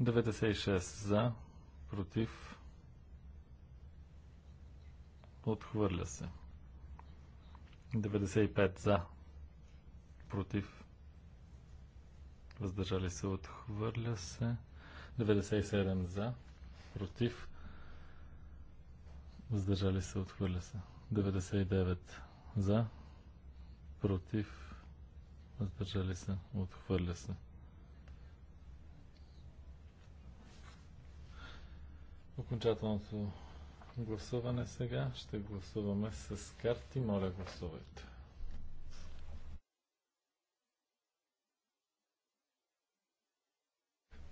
Деветдесет и шест за, против, отхвърля се. 95 за. Против. Въздържали се. Отхвърля се. 97 за. Против. Въздържали се. Отхвърля се. 99 за. Против. Въздържали се. Отхвърля се. Окончателното гласуване сега. Ще гласуваме с карти. Моля, гласувайте.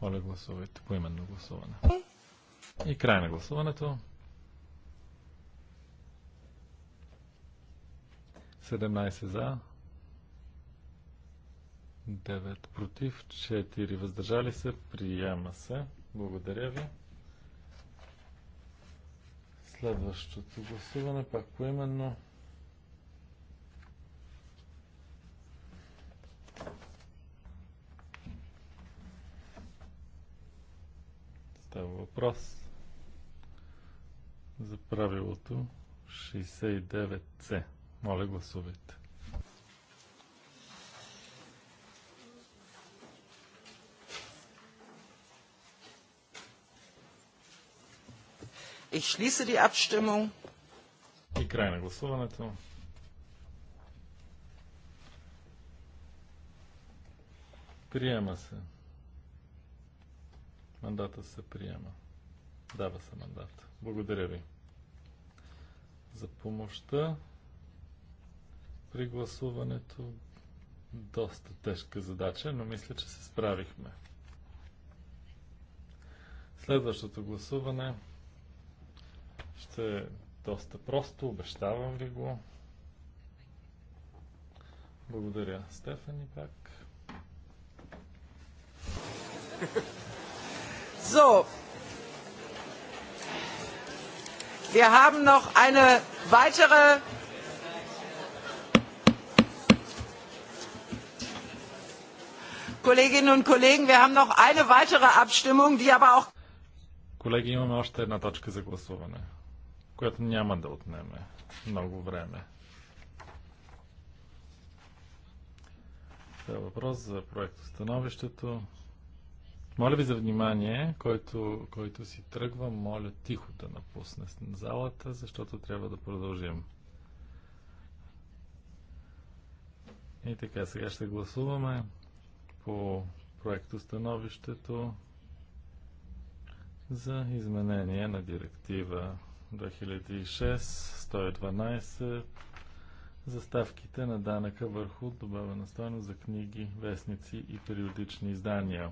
Моля, гласувайте по именно гласуване. И край на гласуването. 17 за, 9 против, 4 въздържали се. Приема се. Благодаря ви. Следващото гласуване пак поименно. Става въпрос за правилото 69C. Моля, гласувайте.
Ich schließe die Abstimmung.
И край на гласуването. Приема се. Мандата се приема. Дава се мандат. Благодаря ви за помощта при гласуването. Доста тежка задача, но мисля, че се справихме. Следващото гласуване ще е доста просто, обещавам ви го. Благодаря, Стефани, пак.
So, wir haben noch eine weitere Kolleginnen und Kollegen, wir haben noch eine weitere Abstimmung, die aber auch wir
Колеги, имаме още Abstimmung, die aber auch което няма да отнеме много време. Това е въпрос за становището. Моля ви за внимание, който, който си тръгва, моля тихо да напусне залата, защото трябва да продължим. И така, сега ще гласуваме по становището за изменение на директива 2006, 112 Заставките на данъка върху добавена стойност за книги, вестници и периодични издания.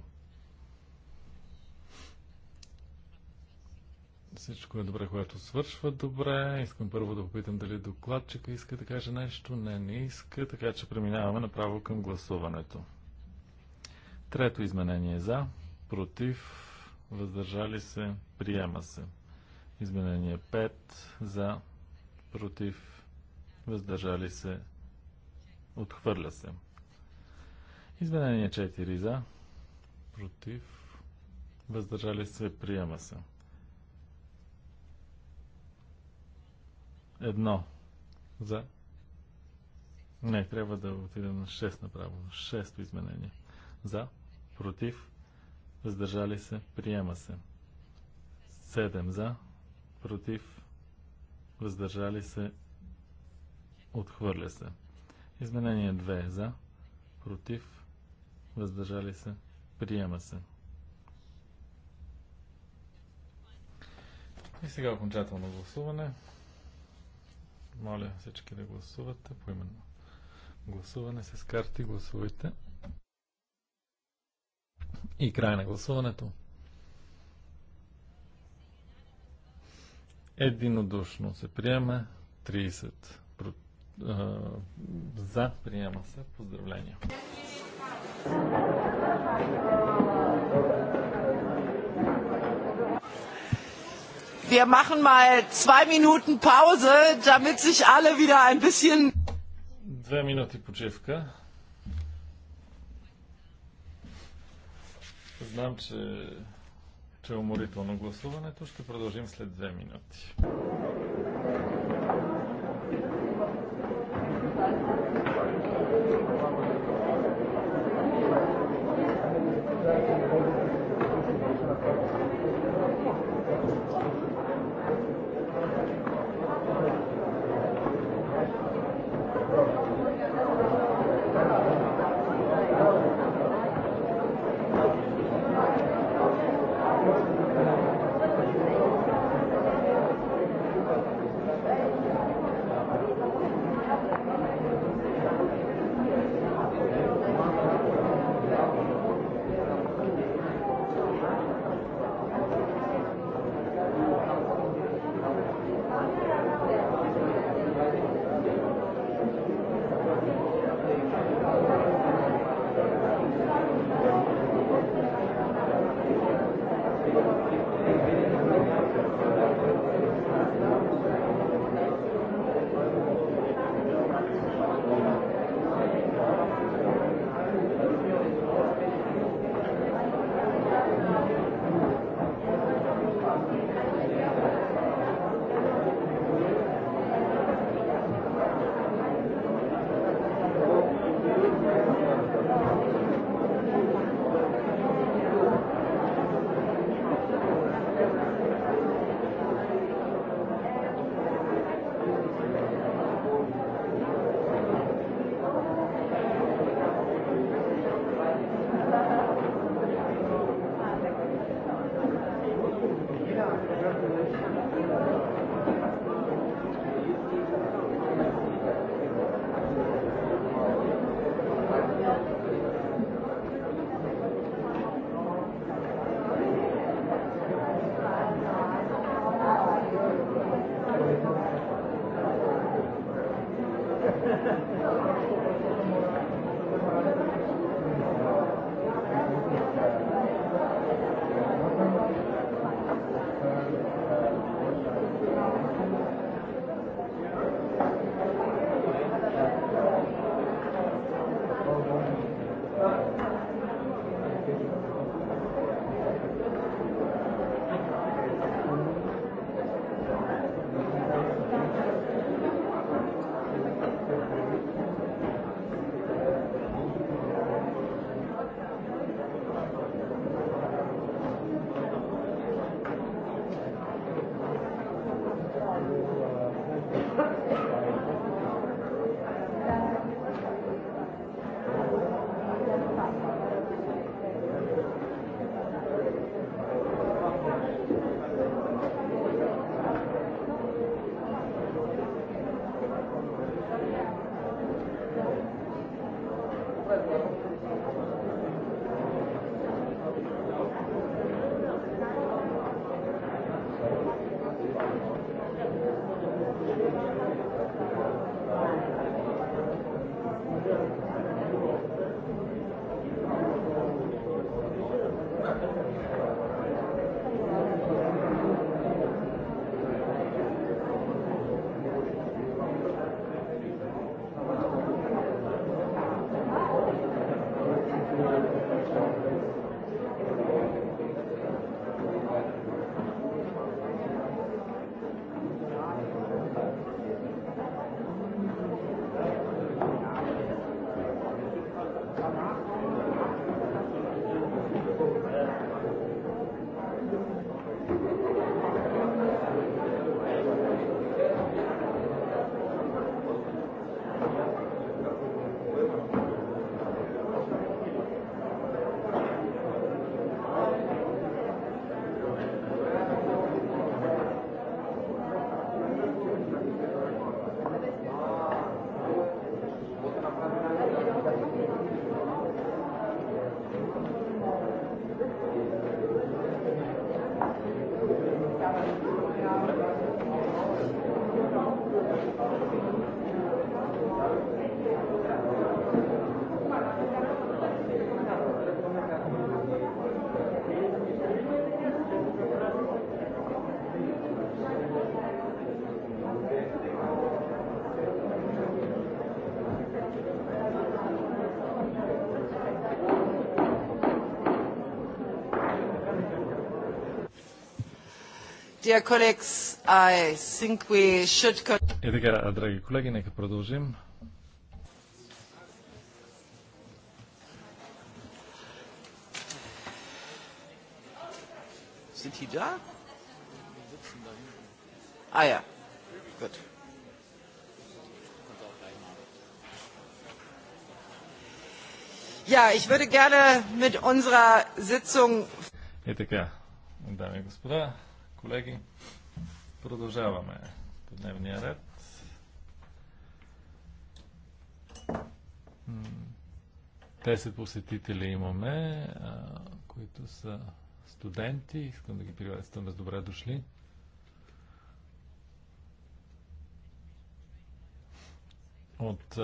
Всичко е добре, което свършва добре. Искам първо да попитам дали докладчика иска да каже нещо. Не, не иска, така че преминаваме направо към гласуването. Трето изменение е за, против, въздържали се, приема се. Изменение 5 за, против, въздържали се, отхвърля се. Изменение 4 за, против, въздържали се, приема се. Едно за. Не, трябва да отидем на 6 направо. 6 изменение. За, против, въздържали се, приема се. 7 за, против, въздържали се, отхвърля се. Изменение 2 е за, против, въздържали се, приема се. И сега окончателно гласуване. Моля всички да гласувате по именно. Гласуване с карти, гласувайте. И край на гласуването. Единодушно се приема 30 за приема се. Поздравления!
Wir machen mal zwei Minuten Pause, damit sich alle wieder ein bisschen.
Две минути почивка. Знам, че че е уморително гласуването. Ще продължим след две минути.
Should...
И така, драги колеги, нека продължим.
Sind die da? Ah ja, gut. Ja, ich würde gerne mit unserer Sitzung.
И така, дами и господа, колеги. Продължаваме по дневния ред. Десет посетители имаме, които са студенти. Искам да ги приветстваме с добре дошли. От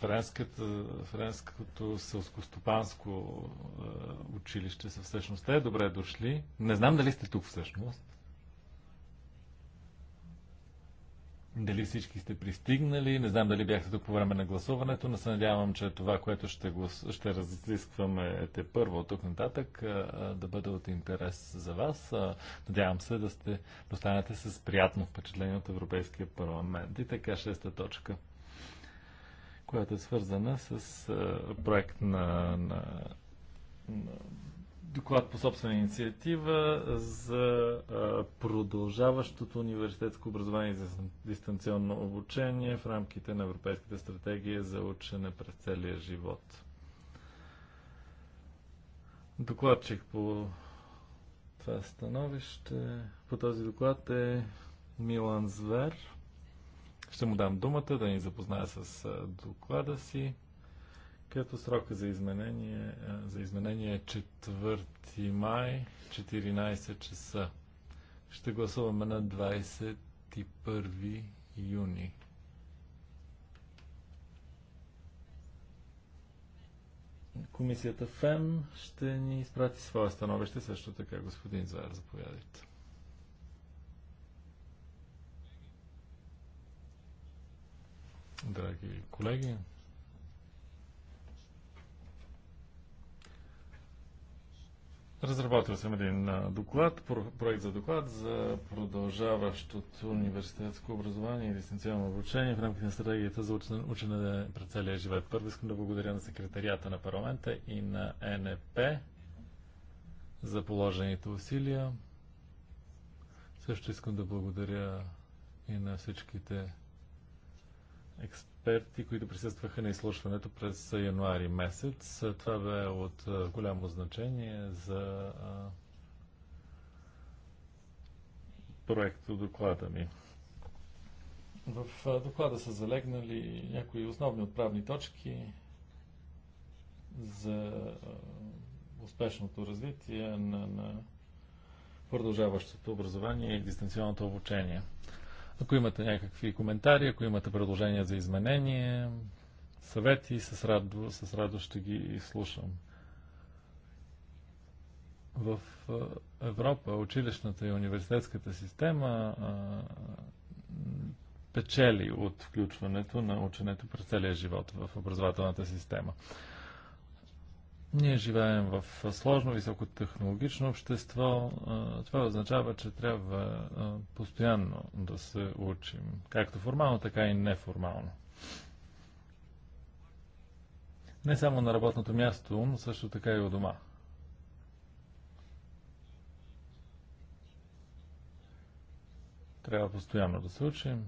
френското селскостопанско е, училище са всъщност те. Добре дошли. Не знам дали сте тук всъщност. Дали всички сте пристигнали, не знам дали бяхте тук по време на гласуването, но се надявам, че това, което ще, глас... ще разискваме е те първо от тук нататък, е, да бъде от интерес за вас. Надявам се да сте, останете с приятно впечатление от Европейския парламент. И така, шеста точка – която е свързана с а, проект на, на, на доклад по собствена инициатива за а, продължаващото университетско образование за дистанционно обучение в рамките на Европейската стратегия за учене през целия живот. Докладчик по това становище, по този доклад е Милан Звер. Ще му дам думата да ни запозная с доклада си, като срока за изменение, за изменение е 4 май, 14 часа. Ще гласуваме на 21 юни. Комисията ФЕМ ще ни изпрати своя становище също така. Господин Зар, заповядайте. драги колеги. Разработил съм един доклад, проект за доклад за продължаващото университетско образование и дистанционно обучение в рамките на стратегията за учене пред целия живот. Първо искам да благодаря на секретарията на парламента и на НП за положените усилия. Също искам да благодаря и на всичките експерти, които присъстваха на изслушването през януари месец. Това бе от голямо значение за проекто доклада ми. В доклада са залегнали някои основни отправни точки за успешното развитие на, на продължаващото образование и дистанционното обучение. Ако имате някакви коментари, ако имате предложения за изменение, съвети, с радост, с ще ги слушам. В Европа училищната и университетската система печели от включването на ученето през целия живот в образователната система. Ние живеем в сложно, високотехнологично общество. Това означава, че трябва постоянно да се учим, както формално, така и неформално. Не само на работното място, но също така и у дома. Трябва постоянно да се учим,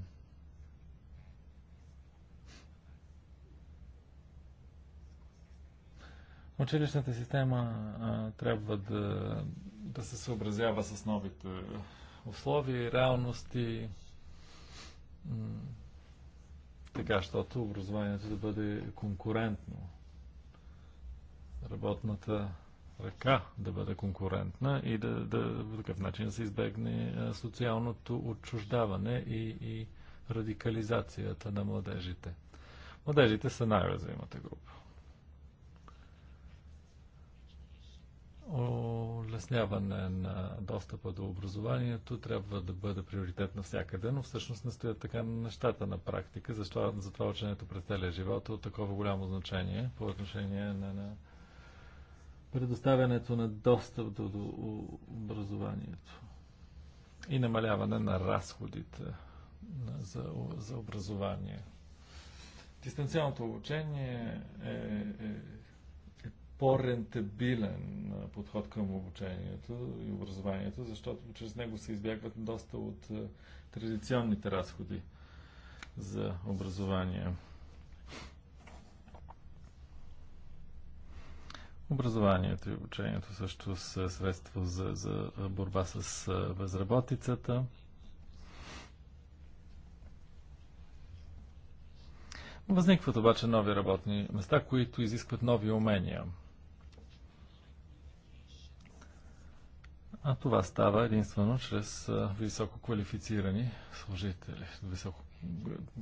Училищната система а, трябва да, да се съобразява с новите условия и реалности, така, защото образованието да бъде конкурентно. Работната ръка да бъде конкурентна и да, да по такъв начин да се избегне социалното отчуждаване и, и радикализацията на младежите. Младежите са най развимата група. улесняване на достъпа до образованието трябва да бъде приоритет навсякъде, но всъщност не стоят така нещата на практика. Защо, затова ученето през целия живот е от такова голямо значение по отношение на, на предоставянето на достъп до, до образованието и намаляване на разходите за, за образование. Дистанционното обучение е, е по-рентабилен подход към обучението и образованието, защото чрез него се избягват доста от традиционните разходи за образование. Образованието и обучението също са средство за, за борба с безработицата. Възникват обаче нови работни места, които изискват нови умения – А това става единствено чрез високо квалифицирани служители, високо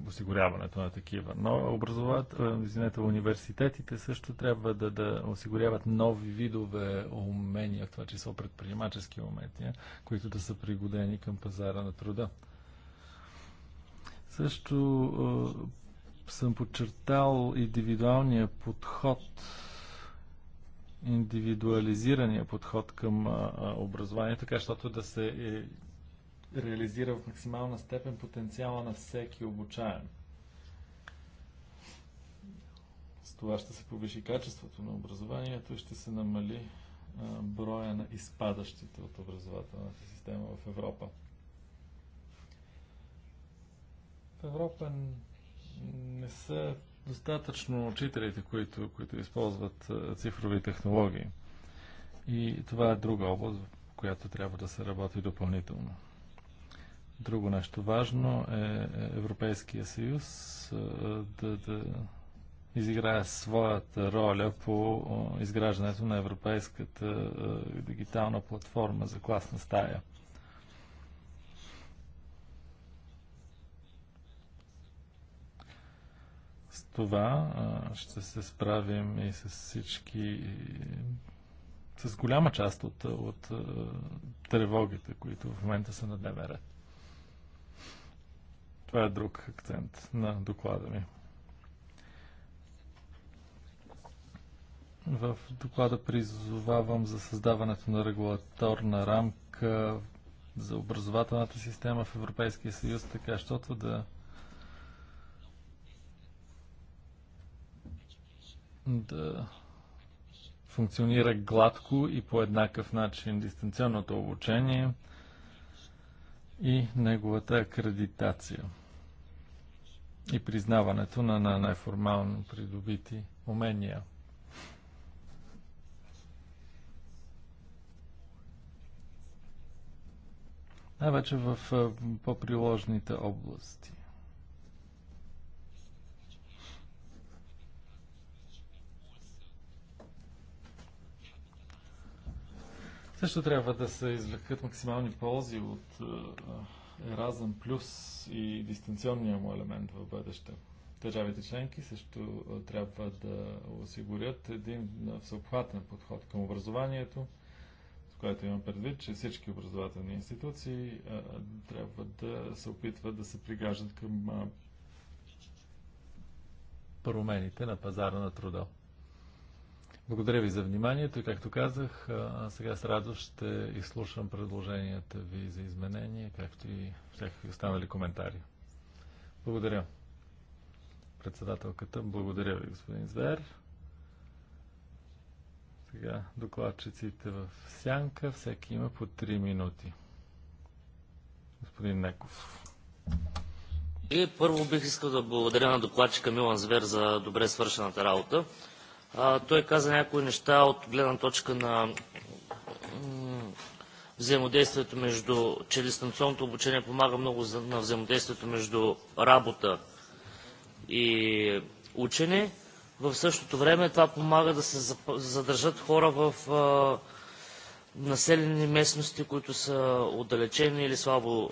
осигуряването на такива. Но образоват, извинете, университетите също трябва да, да осигуряват нови видове умения, в това число предприемачески умения, които да са пригодени към пазара на труда. Също съм подчертал индивидуалния подход индивидуализирания подход към образованието така щото да се е, реализира в максимална степен потенциала на всеки обучаем. С това ще се повиши качеството на образованието и ще се намали а, броя на изпадащите от образователната система в Европа. В Европа не са достатъчно учителите, които, които използват е, цифрови технологии. И това е друга област, в която трябва да се работи допълнително. Друго нещо важно е, е Европейския съюз е, да, да изиграе своята роля по изграждането на Европейската дигитална платформа за класна стая. това ще се справим и с всички с голяма част от, от тревогите, които в момента са на ДМР. Това е друг акцент на доклада ми. В доклада призовавам за създаването на регулаторна рамка за образователната система в Европейския съюз, така щото да да функционира гладко и по еднакъв начин дистанционното обучение и неговата акредитация и признаването на, на неформално придобити умения. Най-вече в по-приложните области. Също трябва да се извлекат максимални ползи от е, е, Еразъм Плюс и дистанционния му елемент в бъдеще. Държавите членки също е, трябва да осигурят един всеобхватен подход към образованието, с което имам предвид, че всички образователни институции трябва да се опитват да се пригаждат към промените на пазара на труда. Благодаря ви за вниманието и както казах, сега с радост ще изслушам предложенията ви за изменения, както и всякакви останали коментари. Благодаря. Председателката, благодаря ви, господин Звер. Сега докладчиците в сянка, всеки има по 3 минути. Господин Неков.
И първо бих искал да благодаря на докладчика Милан Звер за добре свършената работа. Той каза някои неща от гледна точка на взаимодействието между, че дистанционното обучение помага много на взаимодействието между работа и учене. В същото време това помага да се задържат хора в населени местности, които са отдалечени или слабо,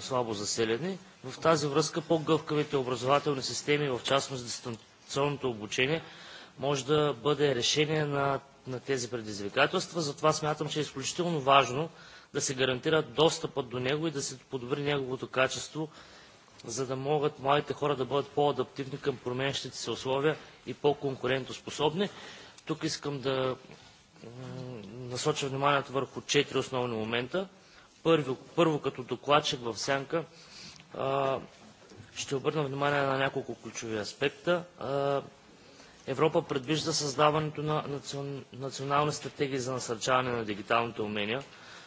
слабо заселени. В тази връзка по-гъвкавите образователни системи, в частност дистанционното обучение, може да бъде решение на, на тези предизвикателства. Затова смятам, че е изключително важно да се гарантира достъпът до него и да се подобри неговото качество, за да могат младите хора да бъдат по-адаптивни към променящите се условия и по-конкурентоспособни. Тук искам да насоча вниманието върху четири основни момента. Първо, първо като докладчик в сянка ще обърна внимание на няколко ключови аспекта. Европа предвижда създаването на национални стратегии за насърчаване на дигиталните умения.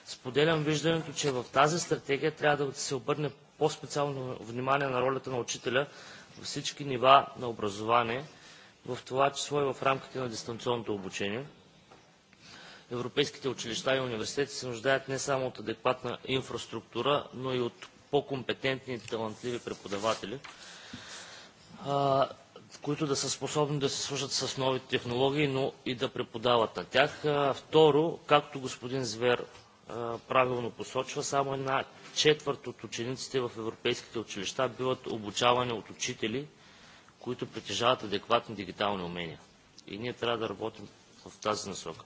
Споделям виждането, че в тази стратегия трябва да се обърне по-специално внимание на ролята на учителя във всички нива на образование, в това число и в рамките на дистанционното обучение. Европейските училища и университети се нуждаят не само от адекватна инфраструктура, но и от по-компетентни и талантливи преподаватели в които да са способни да се служат с новите технологии, но и да преподават на тях. Второ, както господин Звер правилно посочва, само една четвърт от учениците в европейските училища биват обучавани от учители, които притежават адекватни дигитални умения. И ние трябва да работим в тази насока.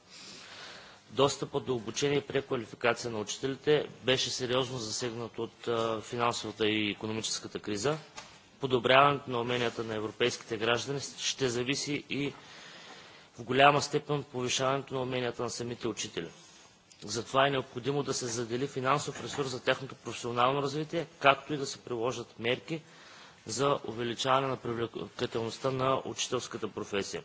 Достъпът до обучение и преквалификация на учителите беше сериозно засегнат от финансовата и економическата криза подобряването на уменията на европейските граждани ще зависи и в голяма степен от повишаването на уменията на самите учители. Затова е необходимо да се задели финансов ресурс за тяхното професионално развитие, както и да се приложат мерки за увеличаване на привлекателността на учителската професия.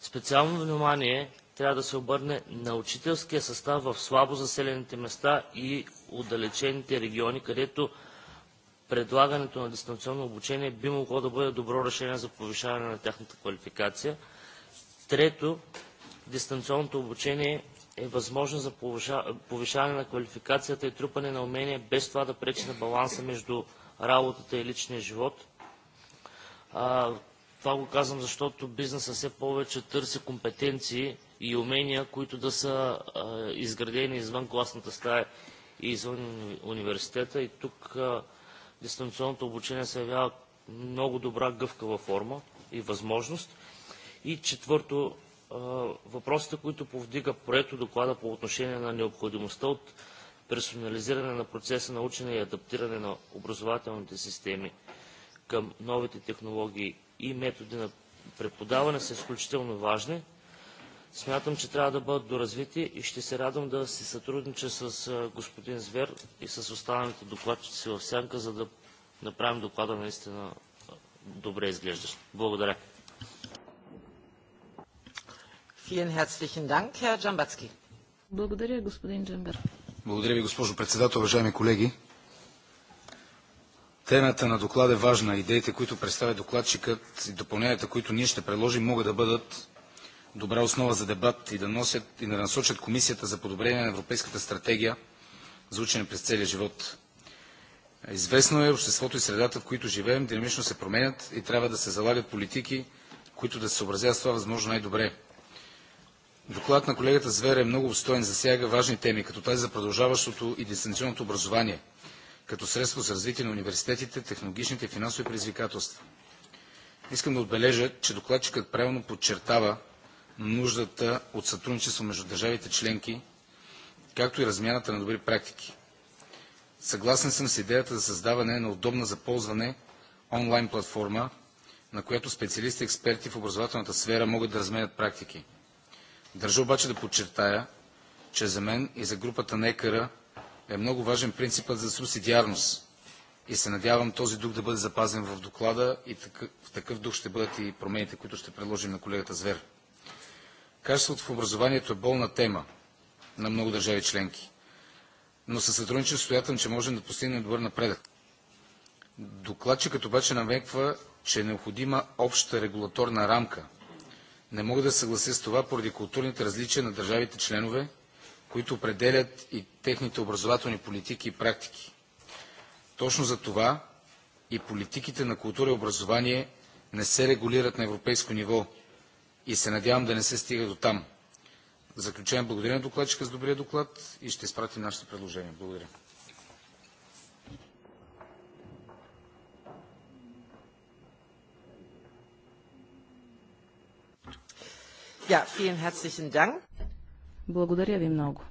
Специално внимание трябва да се обърне на учителския състав в слабо заселените места и отдалечените региони, където предлагането на дистанционно обучение би могло да бъде добро решение за повишаване на тяхната квалификация. Трето, дистанционното обучение е възможно за повишаване на квалификацията и трупане на умения, без това да пречи на баланса между работата и личния живот. А, това го казвам, защото бизнесът все повече търси компетенции и умения, които да са а, изградени извън класната стая и извън университета. И тук а, дистанционното обучение се явява много добра гъвкава форма и възможност. И четвърто, въпросите, които повдига проекто доклада по отношение на необходимостта от персонализиране на процеса на учене и адаптиране на образователните системи към новите технологии и методи на преподаване са изключително важни смятам, че трябва да бъдат доразвити и ще се радвам да се сътруднича с господин Звер и с останалите докладчици в сянка, за да направим доклада наистина
добре изглеждащ. Благодаря.
Благодаря, господин Джамбер.
Благодаря ви, госпожо председател, уважаеми колеги. Темата на доклада е важна. Идеите, които представя докладчикът и допълненията, които ние ще предложим, могат да бъдат добра основа за дебат и да, носят, и да насочат Комисията за подобрение на Европейската стратегия за учене през целия живот. Известно е, обществото и средата, в които живеем, динамично се променят и трябва да се залагат политики, които да се съобразяват с това възможно най-добре. Докладът на колегата Звера е много обстоен, засяга важни теми, като тази за продължаващото и дистанционното образование, като средство за развитие на университетите, технологичните и финансови предизвикателства. Искам да отбележа, че докладчикът правилно подчертава, нуждата от сътрудничество между държавите членки, както и размяната на добри практики. Съгласен съм с идеята за създаване на удобна за ползване онлайн платформа, на която специалисти и експерти в образователната сфера могат да разменят практики. Държа обаче да подчертая, че за мен и за групата на ЕКР е много важен принципът за субсидиарност и се надявам този дух да бъде запазен в доклада и в такъв дух ще бъдат и промените, които ще предложим на колегата Звер. Качеството в образованието е болна тема на много държави членки, но със сътрудничество стоятам, че можем да постигнем добър напредък. Докладчикът обаче намеква, че е необходима обща регулаторна рамка. Не мога да съглася с това поради културните различия на държавите членове, които определят и техните образователни политики и практики. Точно за това и политиките на култура и образование не се регулират на европейско ниво – и се надявам да не се стига до там. В заключение, благодаря на докладчика за добрия доклад и ще изпратим нашите предложения. Благодаря.
благодаря ви много.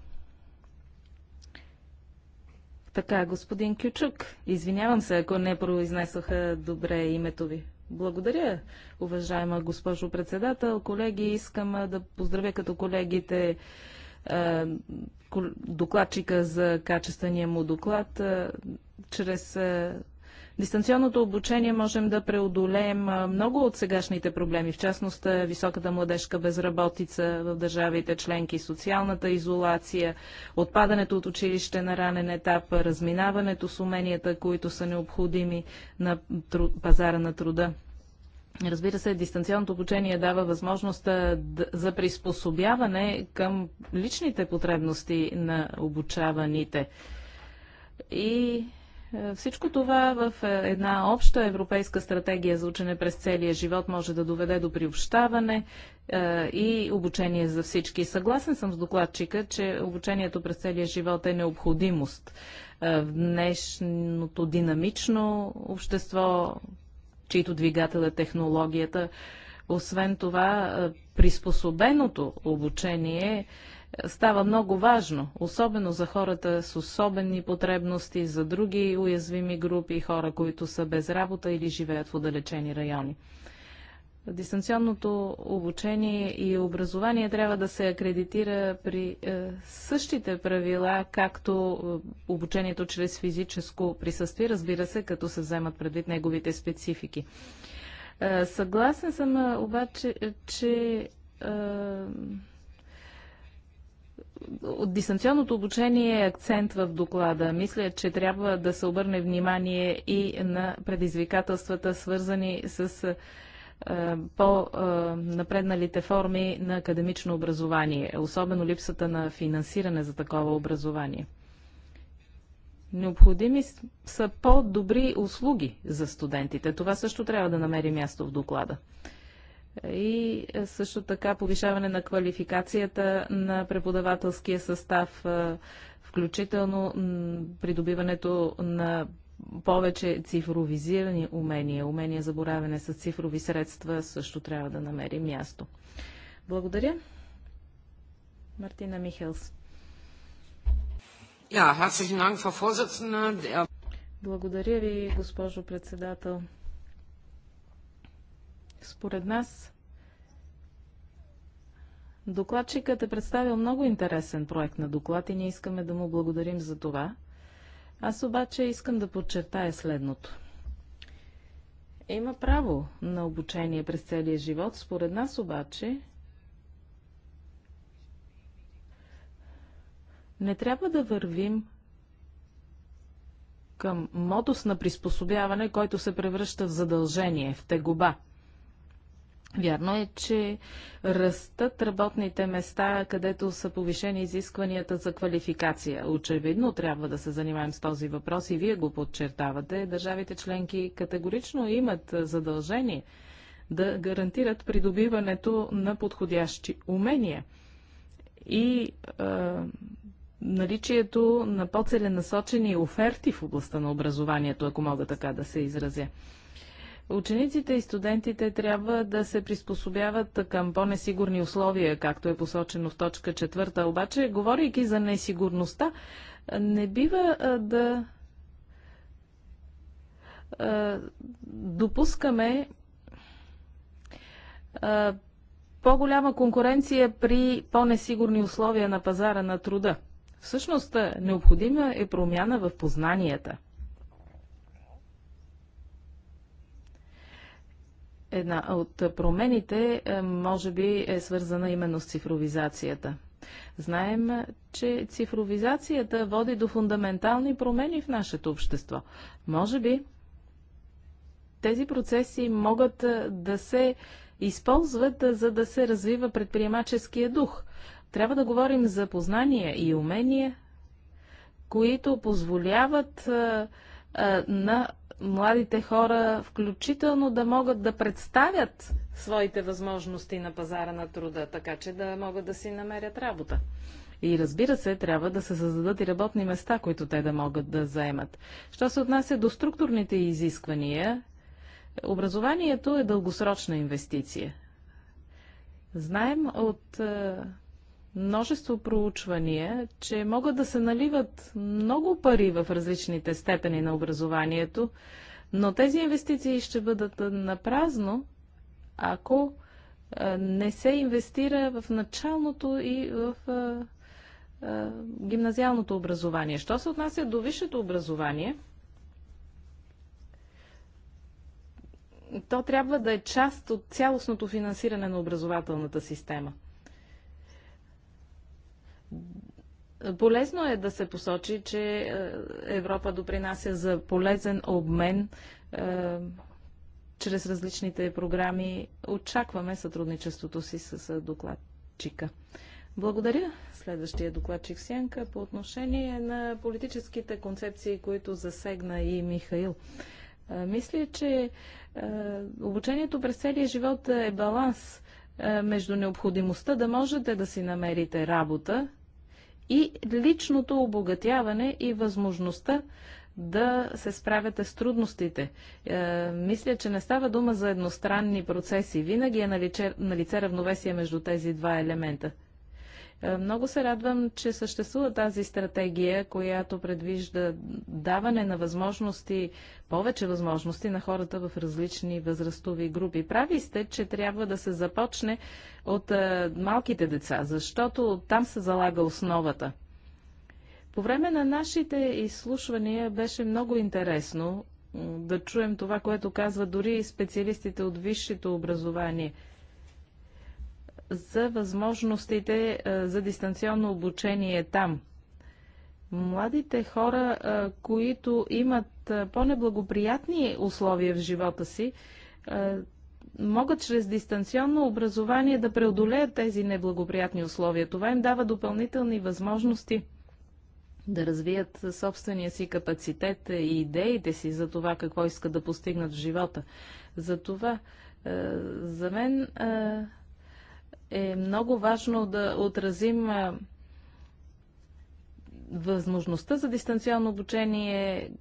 Така, господин Кючук, извинявам се, ако не произнесоха добре името ви. Благодаря, уважаема госпожо председател. Колеги, искам да поздравя като колегите докладчика за качествения му доклад. Чрез дистанционното обучение можем да преодолеем много от сегашните проблеми, в частност високата младежка безработица в държавите членки, социалната изолация, отпадането от училище на ранен етап, разминаването с уменията, които са необходими на пазара на труда. Разбира се, дистанционното обучение дава възможност за приспособяване към личните потребности на обучаваните. И всичко това в е, една обща европейска стратегия за учене през целия живот може да доведе до приобщаване е, и обучение за всички. Съгласен съм с докладчика, че обучението през целия живот е необходимост е, в днешното динамично общество, чието двигател е технологията. Освен това, приспособеното обучение е става много важно, особено за хората с особени потребности, за други уязвими групи, хора, които са без работа или живеят в отдалечени райони. Дистанционното обучение и образование трябва да се акредитира при е, същите правила, както е, обучението чрез физическо присъствие, разбира се, като се вземат предвид неговите специфики. Е, съгласен съм е, обаче, е, че от дистанционното обучение е акцент в доклада. Мисля, че трябва да се обърне внимание и на предизвикателствата, свързани с е, по-напредналите форми на академично образование, особено липсата на финансиране за такова образование. Необходими са по-добри услуги за студентите. Това също трябва да намери място в доклада и е, също така повишаване на квалификацията на преподавателския състав, е, включително придобиването на повече цифровизирани умения, умения за боравене с цифрови средства също трябва да намери място. Благодаря. Мартина Михелс. Благодаря ви, госпожо председател. Според нас докладчикът е представил много интересен проект на доклад и ние искаме да му благодарим за това. Аз обаче искам да подчертая следното. Има право на обучение през целия живот. Според нас обаче не трябва да вървим към модус на приспособяване, който се превръща в задължение, в тегоба – Вярно е, че растат работните места, където са повишени изискванията за квалификация. Очевидно трябва да се занимаем с този въпрос и вие го подчертавате. Държавите членки категорично имат задължение да гарантират придобиването на подходящи умения и е, наличието на по-целенасочени оферти в областта на образованието, ако мога така да се изразя. Учениците и студентите трябва да се приспособяват към по-несигурни условия, както е посочено в точка четвърта. Обаче, говорейки за несигурността, не бива да допускаме по-голяма конкуренция при по-несигурни условия на пазара на труда. Всъщност, необходима е промяна в познанията. една от промените е, може би е свързана именно с цифровизацията. Знаем, че цифровизацията води до фундаментални промени в нашето общество. Може би тези процеси могат е, да се използват, е, за да се развива предприемаческия дух. Трябва да говорим за познания и умения, които позволяват на младите хора включително да могат да представят своите възможности на пазара на труда, така че да могат да си намерят работа. И разбира се, трябва да се създадат и работни места, които те да могат да заемат. Що се отнася до структурните изисквания, образованието е дългосрочна инвестиция. Знаем от е, множество проучвания, че могат да се наливат много пари в различните степени на образованието, но тези инвестиции ще бъдат на празно, ако не се инвестира в началното и в гимназиалното образование. Що се отнася до висшето образование, то трябва да е част от цялостното финансиране на образователната система – Полезно е да се посочи, че е, Европа допринася за полезен обмен е, чрез различните програми. Очакваме сътрудничеството си с докладчика. Благодаря. Следващия докладчик Сянка по отношение на политическите концепции, които засегна и Михаил. Е, мисля, че обучението през целия живот е баланс. Е, между необходимостта да можете да си намерите работа и личното обогатяване и възможността да се справяте с трудностите. Е, мисля, че не става дума за едностранни процеси. Винаги е на лице, на лице равновесие между тези два елемента. Е, много се радвам, че съществува тази стратегия, която предвижда даване на възможности, повече възможности на хората в различни възрастови групи. Прави сте, че трябва да се започне от е, малките деца, защото там се залага основата. По време на нашите изслушвания беше много интересно да чуем това, което казват дори и специалистите от висшето образование – за възможностите за дистанционно обучение там. Младите хора, които имат по-неблагоприятни условия в живота си, могат чрез дистанционно образование да преодолеят тези неблагоприятни условия. Това им дава допълнителни възможности да развият собствения си капацитет и идеите си за това какво искат да постигнат в живота. За това, за мен е много важно да отразим възможността за дистанционно обучение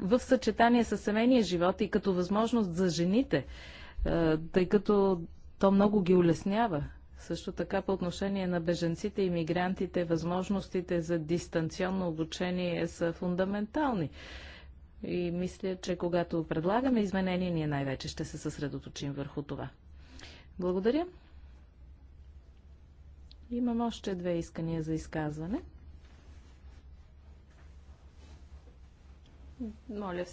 в съчетание с семейния живот и като възможност за жените, тъй като то много ги улеснява. Също така по отношение на беженците и мигрантите, възможностите за дистанционно обучение са фундаментални. И мисля, че когато предлагаме изменения, ние най-вече ще се съсредоточим върху това. Благодаря. Имам още две искания за изказване. Моля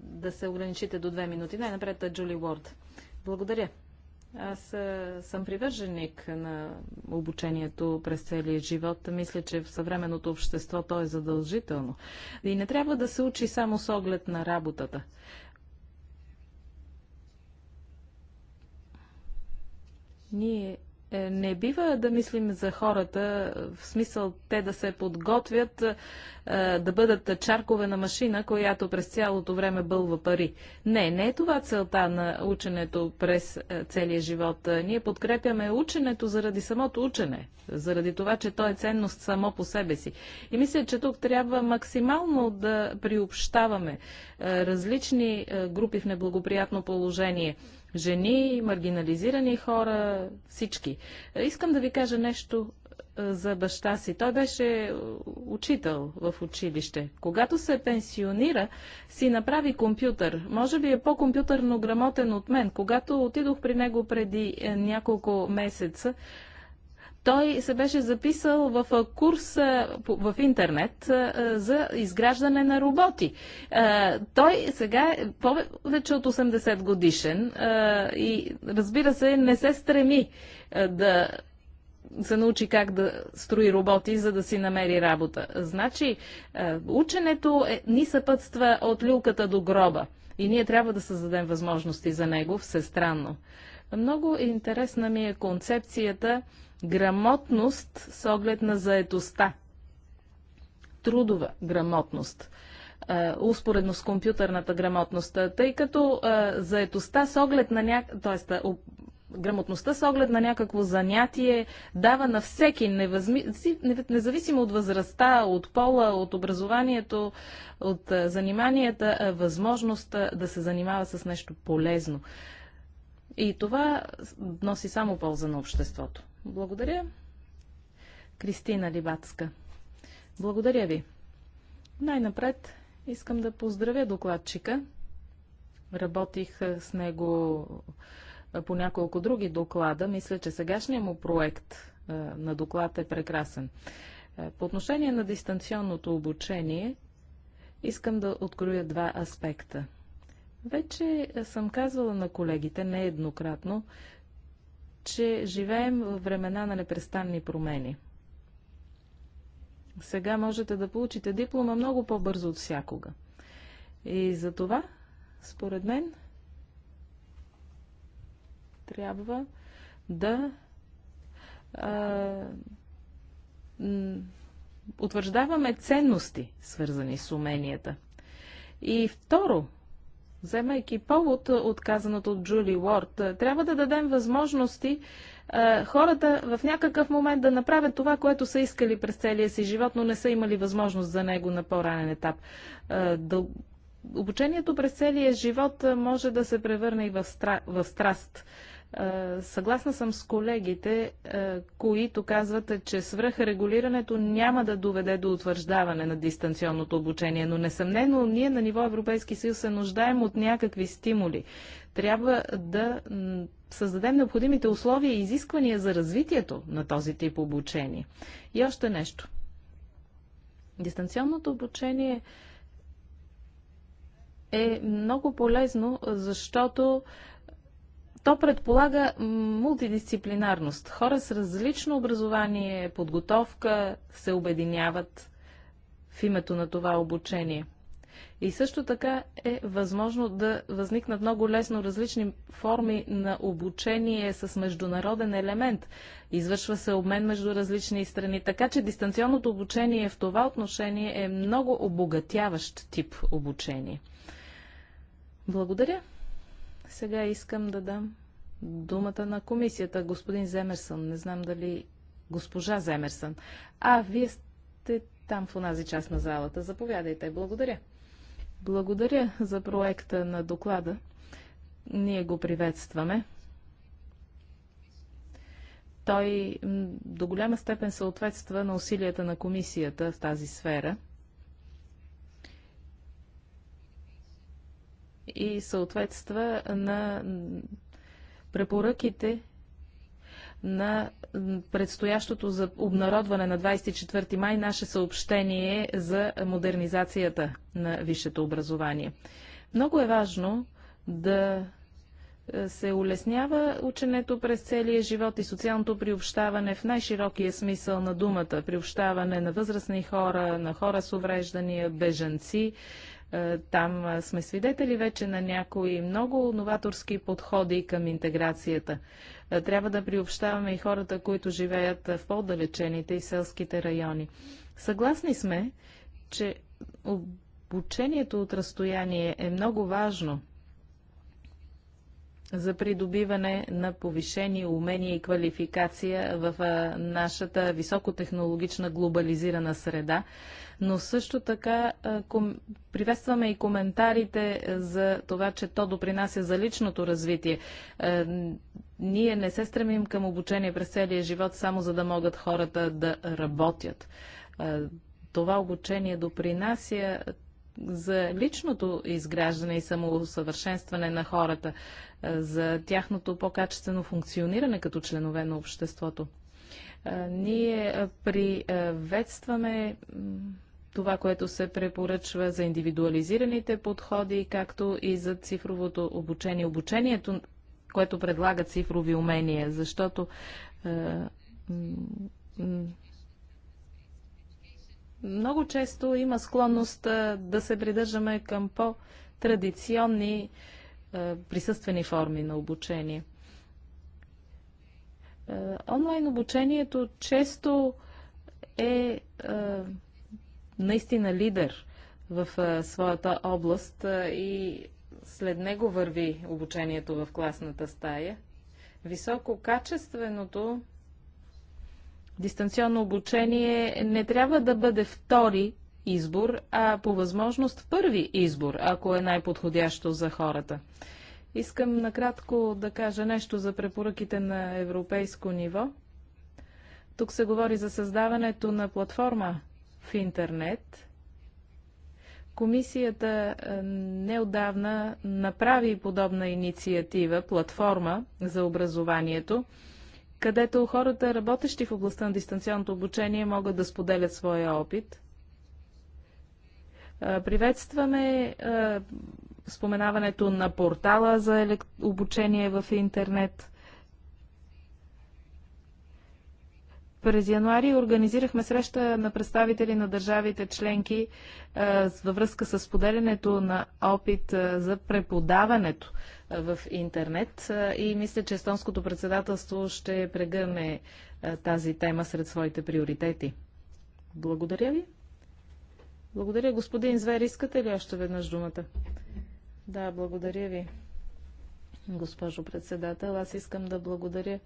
да се ограничите до две минути. Най-напред Джули Уорд. Благодаря. Аз съм привърженик на обучението през целия живот. Мисля, че в съвременното общество то е задължително. И не трябва да се учи само с оглед на работата. Ние е, не бива да мислим за хората в смисъл те да се подготвят е, да бъдат чаркове на машина, която през цялото време бълва пари. Не, не е това целта на ученето през е, целия живот. Ние подкрепяме ученето заради самото учене, заради това, че то е ценност само по себе си. И мисля, че тук трябва максимално да приобщаваме различни групи в неблагоприятно положение – жени, маргинализирани хора, всички. Е, искам да ви кажа нещо е, за баща си. Той беше е, учител в училище. Когато се пенсионира, си направи компютър. Може би е по-компютърно грамотен от мен. Когато отидох при него преди няколко месеца, той се беше записал в курс в интернет за изграждане на роботи. Той сега е повече от 80 годишен и разбира се не се стреми да се научи как да строи роботи, за да си намери работа. Значи, ученето е, ни съпътства от люлката до гроба и ние трябва да създадем възможности за него всестранно. Много интересна ми е концепцията грамотност с оглед на заетостта, трудова грамотност, успоредно с компютърната грамотност, тъй като заетостта с оглед на ня... Грамотността с оглед на някакво занятие дава на всеки, невъзми... независимо от възрастта, от пола, от образованието, от заниманията, възможност да се занимава с нещо полезно. И това носи само полза на обществото. Благодаря. Кристина Либацка. Благодаря ви. Най-напред искам да поздравя докладчика. Работих с него по няколко други доклада. Мисля, че сегашният му проект на доклад е прекрасен. По отношение на дистанционното обучение, искам да откроя два аспекта. Вече съм казвала на колегите нееднократно, че живеем в времена на непрестанни промени. Сега можете да получите диплома много по-бързо от всякога. И за това, според мен, трябва да а, утвърждаваме ценности, свързани с уменията. И второ, Вземайки повод от казаното от Джули Уорд, трябва да дадем възможности е, хората в някакъв момент да направят това, което са искали през целия си живот, но не са имали възможност за него на по-ранен етап. Е, да... Обучението през целия живот може да се превърне и в, стра... в страст. Съгласна съм с колегите, които казват, че свръхрегулирането няма да доведе до утвърждаване на дистанционното обучение, но несъмнено ние на ниво Европейски съюз се нуждаем от някакви стимули. Трябва да създадем необходимите условия и изисквания за развитието на този тип обучение. И още нещо. Дистанционното обучение е много полезно, защото то предполага мултидисциплинарност. Хора с различно образование, подготовка се обединяват в името на това обучение. И също така е възможно да възникнат много лесно различни форми на обучение с международен елемент. Извършва се обмен между различни страни, така че дистанционното обучение в това отношение е много обогатяващ тип обучение. Благодаря. Сега искам да дам думата на комисията. Господин Земерсън, не знам дали госпожа Земерсън. А, вие сте там в онази част на залата. Заповядайте. Благодаря. Благодаря за проекта на доклада. Ние го приветстваме. Той до голяма степен съответства на усилията на комисията в тази сфера – и съответства на препоръките на предстоящото за обнародване на 24 май наше съобщение за модернизацията на висшето образование. Много е важно да се улеснява ученето през целия живот и социалното приобщаване в най-широкия смисъл на думата. Приобщаване на възрастни хора, на хора с увреждания, беженци. Е, там сме свидетели вече на някои много новаторски подходи към интеграцията. Е, трябва да приобщаваме и хората, които живеят в по-далечените и селските райони. Съгласни сме, че обучението от разстояние е много важно – за придобиване на повишени умения и квалификация в нашата високотехнологична глобализирана среда. Но също така приветстваме и коментарите за това, че то допринася за личното развитие. Ние не се стремим към обучение през целия живот, само за да могат хората да работят. Това обучение допринася за личното изграждане и самоусъвършенстване на хората. Е, за тяхното по-качествено функциониране като членове на обществото. Е, ние е, приветстваме това, което се препоръчва за индивидуализираните подходи, както и за цифровото обучение. Обучението, което предлага цифрови умения, защото много често има склонност да се придържаме към по-традиционни е, присъствени форми на обучение. Е, онлайн обучението често е, е наистина лидер в своята област и след него върви обучението в класната стая. Висококачественото дистанционно обучение не трябва да бъде втори избор, а по възможност първи избор, ако е най-подходящо за хората. Искам накратко да кажа нещо за препоръките на европейско ниво. Тук се говори за създаването на платформа в интернет. Комисията е, неодавна направи подобна инициатива, платформа за образованието, където хората, работещи в областта на дистанционното обучение, могат да споделят своя опит – Приветстваме споменаването на портала за обучение в интернет. През януари организирахме среща на представители на държавите членки във връзка с поделянето на опит за преподаването в интернет и мисля, че естонското председателство ще прегърне тази тема сред своите приоритети. Благодаря ви. Благодаря. Господин Звер, искате ли още веднъж думата? Да, благодаря ви, госпожо председател. Аз искам да благодаря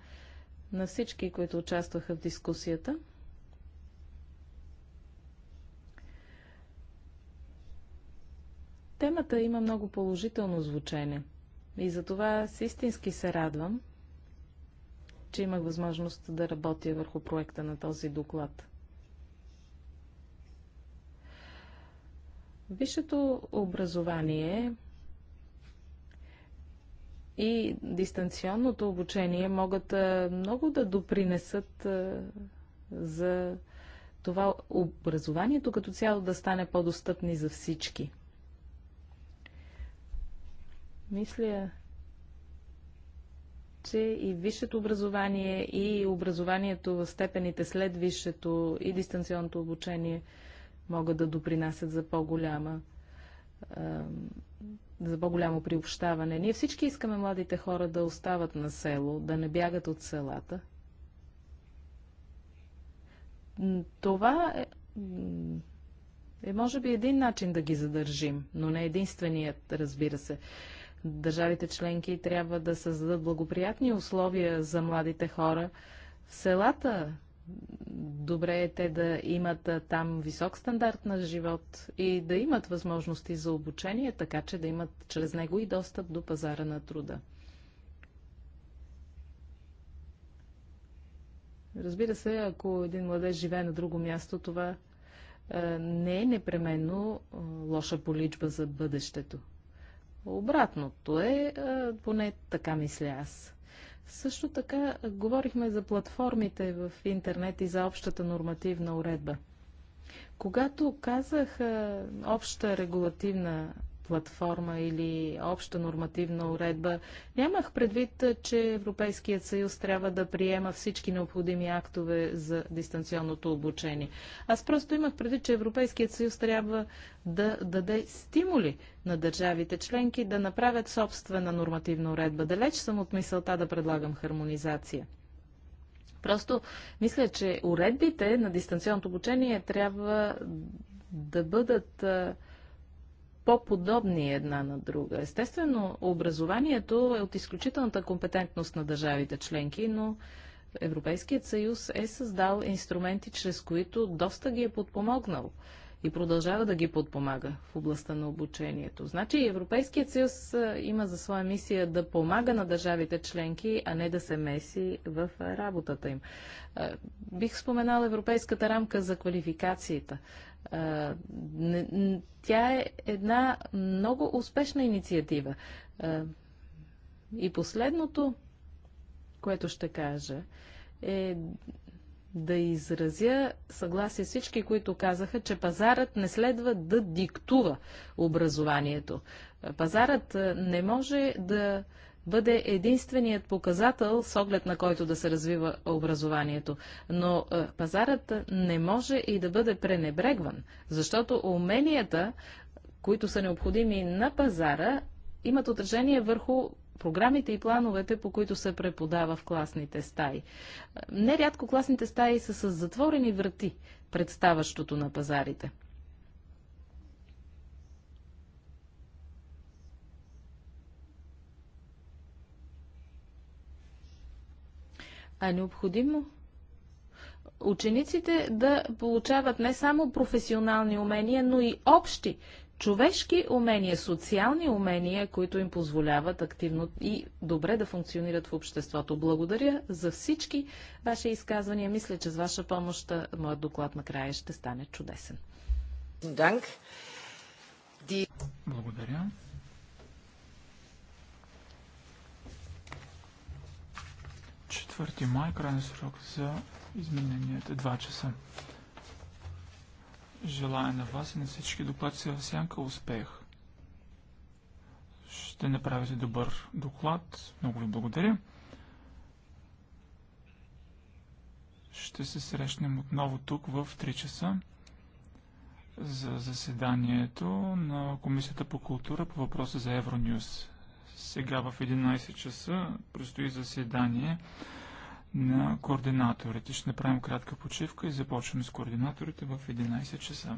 на всички, които участваха в дискусията. Темата има много положително звучене и затова с истински се радвам, че имах възможност да работя върху проекта на този доклад. Висшето образование и дистанционното обучение могат много да допринесат за това образованието като цяло да стане по-достъпни за всички. Мисля, че и висшето образование, и образованието в степените след висшето, и дистанционното обучение – могат да допринасят за по-голяма за по-голямо приобщаване. Ние всички искаме младите хора да остават на село, да не бягат от селата. Това е, е може би един начин да ги задържим, но не единственият, разбира се. Държавите членки трябва да създадат благоприятни условия за младите хора в селата, добре е те да имат там висок стандарт на живот и да имат възможности за обучение, така че да имат чрез него и достъп до пазара на труда. Разбира се, ако един младеж живее на друго място, това не е непременно лоша поличба за бъдещето. Обратното е поне така мисля аз. Също така говорихме за платформите в интернет и за общата нормативна уредба. Когато казах обща регулативна платформа или обща нормативна уредба. Нямах предвид, че Европейският съюз трябва да приема всички необходими актове за дистанционното обучение. Аз просто имах предвид, че Европейският съюз трябва да даде стимули на държавите членки да направят собствена нормативна уредба. Далеч съм от мисълта да предлагам хармонизация. Просто мисля, че уредбите на дистанционното обучение трябва да бъдат по-подобни една на друга. Естествено, образованието е от изключителната компетентност на държавите членки, но Европейският съюз е създал инструменти, чрез които доста ги е подпомогнал и продължава да ги подпомага в областта на обучението. Значи Европейският съюз има за своя мисия да помага на държавите членки, а не да се меси в работата им. Бих споменал Европейската рамка за квалификацията. Тя е една много успешна инициатива. И последното, което ще кажа, е да изразя съгласие с всички, които казаха, че пазарът не следва да диктува образованието. Пазарът не може да бъде единственият показател, с оглед на който да се развива образованието. Но е, пазарът не може и да бъде пренебрегван, защото уменията, които са необходими на пазара, имат отражение върху програмите и плановете, по които се преподава в класните стаи. Е, нерядко класните стаи са с затворени врати, представащото на пазарите. а е необходимо учениците да получават не само професионални умения, но и общи човешки умения, социални умения, които им позволяват активно и добре да функционират в обществото. Благодаря за всички ваши изказвания. Мисля, че с ваша помощ моят доклад накрая ще стане чудесен.
Благодаря. 4 май, крайен срок за измененията 2 часа. Желая на вас и на всички доклади в сянка успех. Ще направите добър доклад. Много ви благодаря. Ще се срещнем отново тук в 3 часа за заседанието на Комисията по култура по въпроса за Евронюс. Сега в 11 часа предстои заседание
на координаторите. Ще направим кратка почивка и започваме с координаторите в 11 часа.